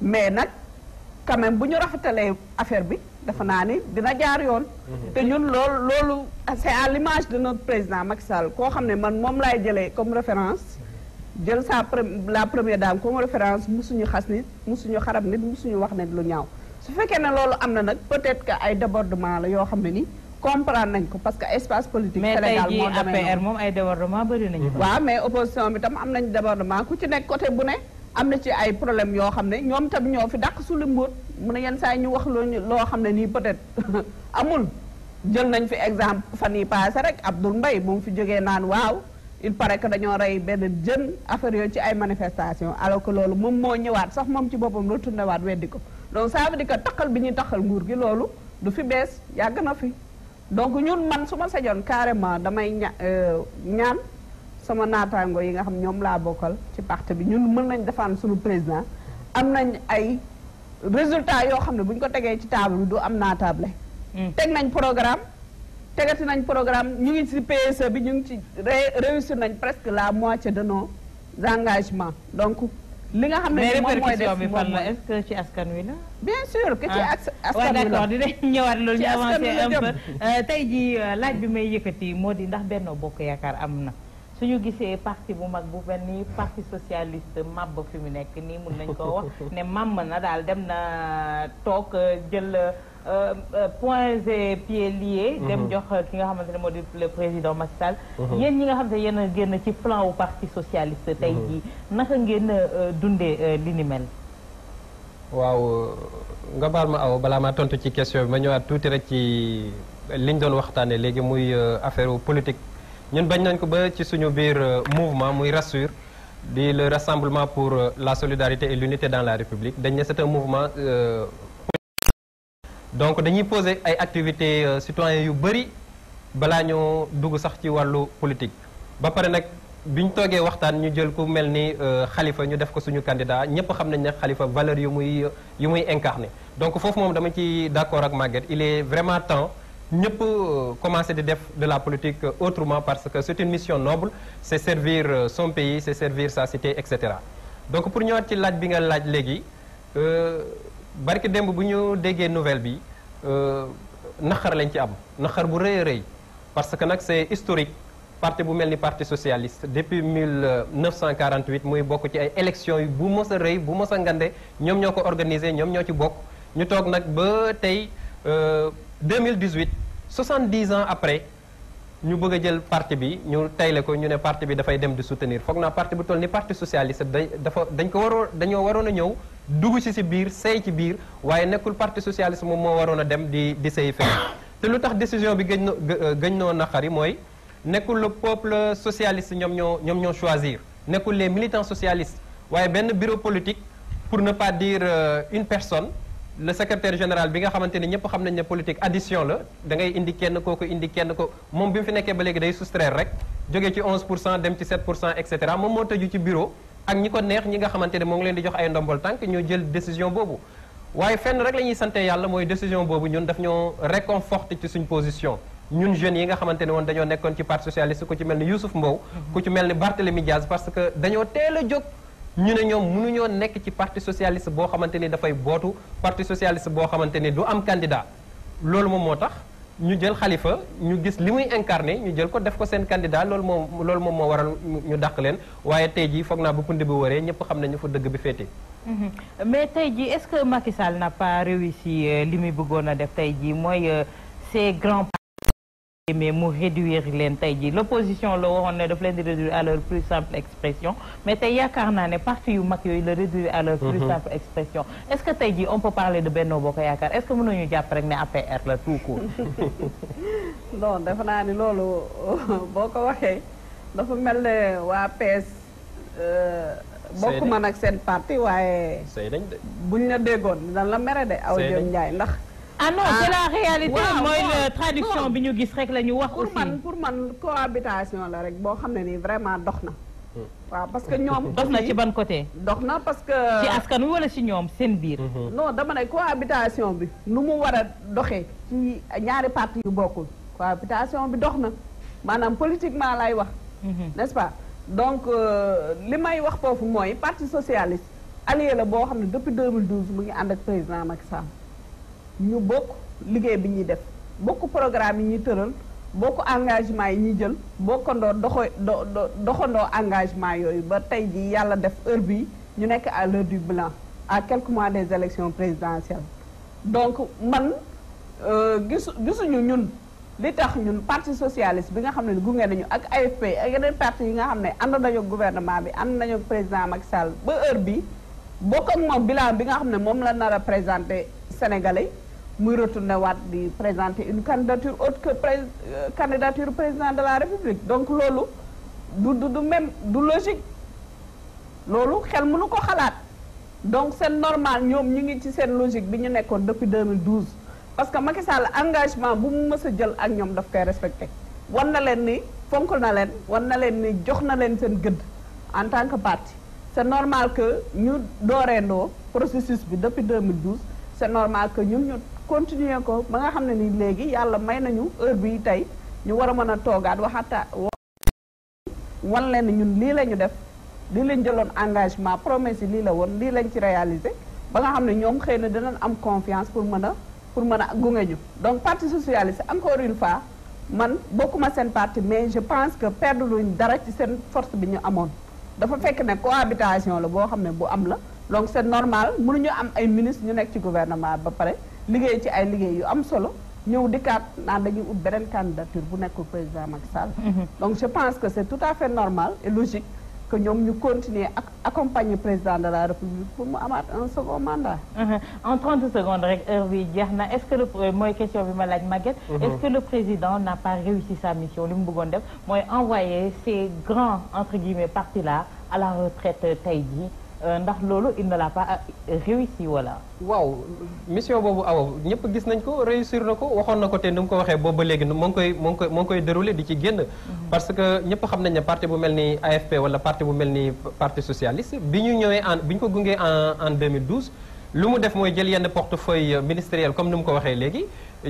mais nag quand même bu ñu rafetalee affaire bi dafa naa ni dina jaar yoon. Mhm. te ñun loolu loolu c' est à l'image de notre président Macky Sall koo xam ne man moom laay jëlee comme référence. jël sa la première dame comme référence musuñu xas nit suñu xarab nit suñu wax nit lu ñaaw su fekkee ne loolu am na nag peut-être que ay débordement la yoo xam ne nii comprendre nañ ko parce que espace politique Sénégal moo moom ay débordement bëri nañu. waaw mais opposition bi tam am nañ débordement ku ci nekk côté bu am na ci ay problème yoo xam ne ñoom tam ñoo fi dàq su li mbóot mu ne yenn saa ñu wax looñu loo xam ne nii peut-être amul jël nañ fi exemple fan nii passé rek Abdoul mbay bu mu fi jógee naan waaw il paraît que dañoo rey benn jën affaire yooyu ci ay manifestation alors que loolu moom moo ñëwaat sax moom ci boppam retourné waat weddi ko donc ça veut dire que taxal bi ñuy taxal nguur gi loolu du fi bees yàgg na fi donc ñun man su ma sañoon carrément damay ña euh, ñaan sama naataango yi nga xam ñoom laa bokkal ci parti bi ñun mën nañ defaan suñu président am nañ ay résultat yoo xam ne buñ ko tegee ci table bi du am naatable hmm. teg nañ programme tegati nañ programme ñu ngi ci PSE bi ñu ngi ci réussir nañ presque la moitié de nos engagements donc li nga xam ne moom mooy def bi fan la est askan wi la. bien sûr que ci ah. askan wi la d'accord dinañ ñëwaat loolu ñu avancé un euh, tey jii euh, laaj bi may yëkkati moo di ndax Benno Bokk Yaakaar am na. su ñu gisee parti bu mag bu mel ni parti socialiste màbb fi mu nekk nii mun nañ ko wax ne màmm na daal dem na toog euh, jël euh, euh, poings et pieds liés mm-hmm. dem jox ki nga xamante ne moo di le président Macky Sall mm-hmm. yéen ñi nga xam ne yéen a génn ci plan wu parti socialiste tey mm-hmm. jii naka ngeen dundee li waaw nga baal ma aw balaa maa tontu ci question bi ma ñëwaat tuuti rek ci liñ doon waxtaane léegi muy affaire politique ñun bañ nañ ko ba ci suñu biir euh, mouvement muy rassure di le rassemblement pour euh, la solidarité et l'unité dans la république dañ ne c'est mouvement euh, donc dañuy poser ay activités citoyennes yu bëri balaa ñoo dugg sax ci wàllu politique ba pare nag bi ñu toogee waxtaan ñu jël ku mel ni xalifa ñu def ko suñu candidat ñëpp xam nañ ne xalifa valeur yu muy yu muy incarné donc foofu moom dama ci d'accord ak màgget il est vraiment temps ñëpp euh, commencer di def de la politique euh, autrement parce que c'est une mission noble c'est servir euh, son pays c'est servir sa cité et cetera donc pour ñëwaat ci laaj bi nga laaj léegi barki démb bu ñu déggee nouvelle bi naxar lañ ci am naxar bu rëy rëy parce que nag c'est historique parti bu mel ni parti socialiste depuis 1948 muy bokk ci ay élections yi bu mos a rëy bu mos ngande ñoom ñoo ko organisé ñoom ñoo ci bokk ñu toog nag ba tey 2018 dix ans après ñu bëgg jël parti bi ñu tayle ko ñu ne parti bi dafay dem di soutenir foog naa parti bu toll ni parti socialiste dañ dafa dañ ko waroon dañoo waroon a ñëw dugg ci si biir sey ci biir waaye nekkul parti socialiste moom moo waroon a dem di di sey fenn te lu tax décision bi gëj na gëj noo naqari mooy nekkul le peuple socialiste ñoom ñoo ñoom ñoo choisir nekkul les militants socialistes waaye benn bureau politique pour ne pas dire euh, une personne le secrétaire général bi nga xamante ni xam nañ ne politique addition la da ngay indi kenn kooku indi kenn ko moom bi mu fi nekkee ba léegi day soustraire rek jógee ci 11 pour cent dem ci 7 pour cent et moom moo tëju ci bureau ak ñi ko neex ñi nga xamante ne leen di jox ay ndombol tànk ñoo jël décision boobu. waaye fenn rek la ñuy sante yàlla mooy décision boobu ñun daf ñoo réconforté ci suñ position ñun jeunes yi nga xamante ne woon dañoo nekkoon ci parti ni Youssouf Mbow ku que dañoo teel a ñu ne ñoom mënuñoo nekk ci parti socialiste boo xamante ni dafay bootu parti socialiste boo xamante ni du am candidat loolu moom moo tax ñu jël xalifa ñu gis li muy incarné ñu jël ko def ko seen candidat loolu moom loolu moom moo waral ñu dàq leen waaye tey jii foog naa bu pundi bi waree ñëpp xam nañu fa dëgg bi féete. Mhm. mais tey jii est-ce que Macky Sall n'a pas réussi euh, li muy bëggoon a def tey jii mooy ces euh, grands mais mu réduire leen tey jii l'opposition la waxoon ne daf leen di réduire à leur plus simple expression mais tey yaakaar naa ne parti yu mag yooyu la réduire à leur plus mhm. simple expression est-ce que tey jii on peut parler de Benno Bokk Yaakaar est-ce que mën nañu jàpp rek ne APR la tout dafa naa ni loolu boo ko waxee dafa mel ne waa PS euh, bokk ma nag seen parti waaye buñ la déggoon dan la mere de aw jëm Njaay ndax ah non c'est la réalité ah, mooy tradition bi ñu gis rek la ñu wax aussi pour man pour man cohabitation la rek boo xam ne nii vraiment dox na hmm. waaw parce que ñoom dox na ci ban côté dox na parce que ci askan wi wala ci ñoom seen biir hmm, hmm. non dama ne cohabitation bi nu mu war a doxee ci ñaari parti yu bokkul cohabitation bi dox na maanaam politiquement lay wax nest pas donc euh, li may wax foofu mooy parti socialiste allié la boo xam ne depuis 2012 mu ngi ànd ak président Macky Sall ñu bokk liggéey bi ñuy def bokk programme yi ñu tëral bokk engagement yi ñuy jël bokkandoo doxo doxandoo engagement yooyu ba tey ji yàlla def heure bi ñu nekk à l'heure du bilan à quelque mois des élections présidentielles donc man euh, gisu gisuñu ñun li tax ñun parti socialiste bi nga xam ne gunge nañu ak AFP ak yeneen parti yi nga xam ne ànd nañu gouvernement bi ànd nañu président Macky Sall ba heure bi bokk ak moom bilan bi nga xam ne moom la nar a présenté Sénégalais muy retourné waat di présenter une candidature autre que pré euh, candidature président de la république donc loolu du du du même du logique loolu xel mënu ko xalaat donc seen normal ñoom ñu ngi ci seen logique bi ñu nekkoon depuis 2012 parce que Macky engagement bu mu mës jël ak ñoom daf koy respecté war na leen ni fonk na leen war na leen ni jox na leen seen gëdd en tant que parti c'est normal que ñu dooreendoo processus bi depuis 2012 c'est normal que ñun ñu continuer ko ba nga xam ne ni léegi yàlla may nañu heure bi tey ñu war a mën a toogaat waxata wan leen ñun lii la ñu def lii lañ jëloon engagement promesse lii la woon lii lañ ci réalisé ba nga xam ne ñoom xëy na dinañ am confiance pour mën a pour mën a gunge ñu donc parti socialiste encore une fois man bokkuma seen parti mais je pense que lu luñ dara ci seen force bi ñu amoon dafa fekk ne cohabitation la boo xam ne bu am la donc c'est normal mënuñu am ay ministre ñu nekk ci gouvernement ba pare liggéey ci ay liggéey yu am solo ñëw dikkaat naan dañuy ut beneen candidature bu nekkul président Macky Sall. Mhm. donc je pense que c' est tout à fait normal et logique que ñoom ñu continuer ak accompagner président de la république pour mu amaat un second mandat. Mhm. en 30 secondes rek heure bi jeex na est le mooy question bi ma laaj Maguette. Mhm. est ce que le sa mission li mu bëggoon def mooy envoyer ces grands entre guillemets partis là à la retraite tey jii. Euh, ndax loolu il ne l'a a euh, réussi voilà. waaw mission boobu ah, awa ñëpp gis nañ ko réussir na ko waxoon na ko te ni mu ko waxee boobu ba léegi moo ngi koy moo ngi koy moo koy déroulé di ci génn. Mhm. parce que ñëpp xam nañ ne parti bu mel ni AFP wala parti bu mel ni parti socialist bi ñu ñëwee en bi ñu ko gungee en en 2012. lu mu def mooy jël yenn portefeuille ministériel comme ni mu ko waxee léegi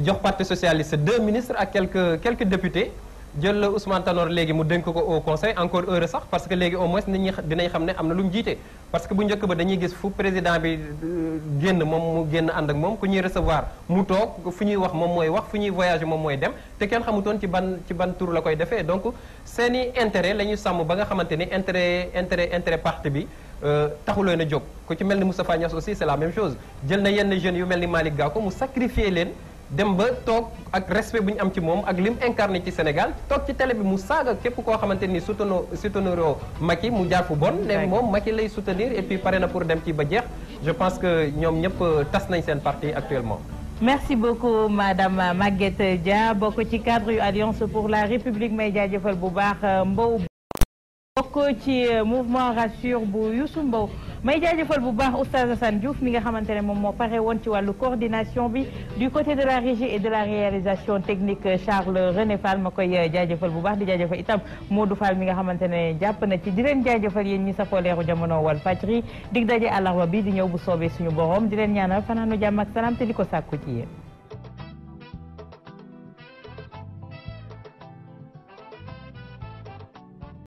jox parti socialiste deux ministres ak quelques quelques députés. jël la Ousmane Tanor léegi mu dénk ko au conseil encore heure sax parce que léegi au moins nit ñi dinañ xam ne am na lu mu jiite parce que bu njëkk ba dañuy gis fu président bi euh, génn moom mu génn ànd ak moom ku ñuy recevoir mu toog fu ñuy wax moom mooy wax fu ñuy voyager moom mooy dem te kenn xamutoon ci ban ci ban la koy defee donc seeni intérêt la ñuy sàmm ba nga xamante ni intérêt intérêt intérêt parti bi euh, taxuloon a jóg ku ci mel ni Moustapha Niass aussi c'est la même chose jël na yenn jeunes yu mel ni Malick Gakou mu sacrifier leen dem ba toog ak respect bu ñu am ci moom ak lim incarné ci Sénégal toog ci télé bi mu saaga képp koo xamante ni soutenir souteniroo Macky mu jaar fu bon ne moom Macky lay soutenir et puis pare na pour dem ci ba jeex je pense que ñoom ñëpp euh, tas nañ seen parti actuellement merci beaucoup madame Maguette Dia bokk ci cadre yu alliance pour la république may jaajëfal bu baax euh, Mbow ko ci euh, mouvement rassure bu Youssou Mbow may jaajëfal bu baax Oustaz Assane Diouf mi nga xamante ne moom moo pare woon ci wàllu coordination bi du côté de la régie et de la réalisation technique Charles René Fall ma koy euh, jaajëfal bu baax di jaajëfal itam Modou Fall mi nga xamante ne jàpp na ci di leen jaajëfal yéen ñi safoo leeru jamono wal fajri dig daje àllarba bi di ñëw bu soobee suñu borom di leen ñaanal fanaanu jàmm ak salaam te di ko sàkku ci yéen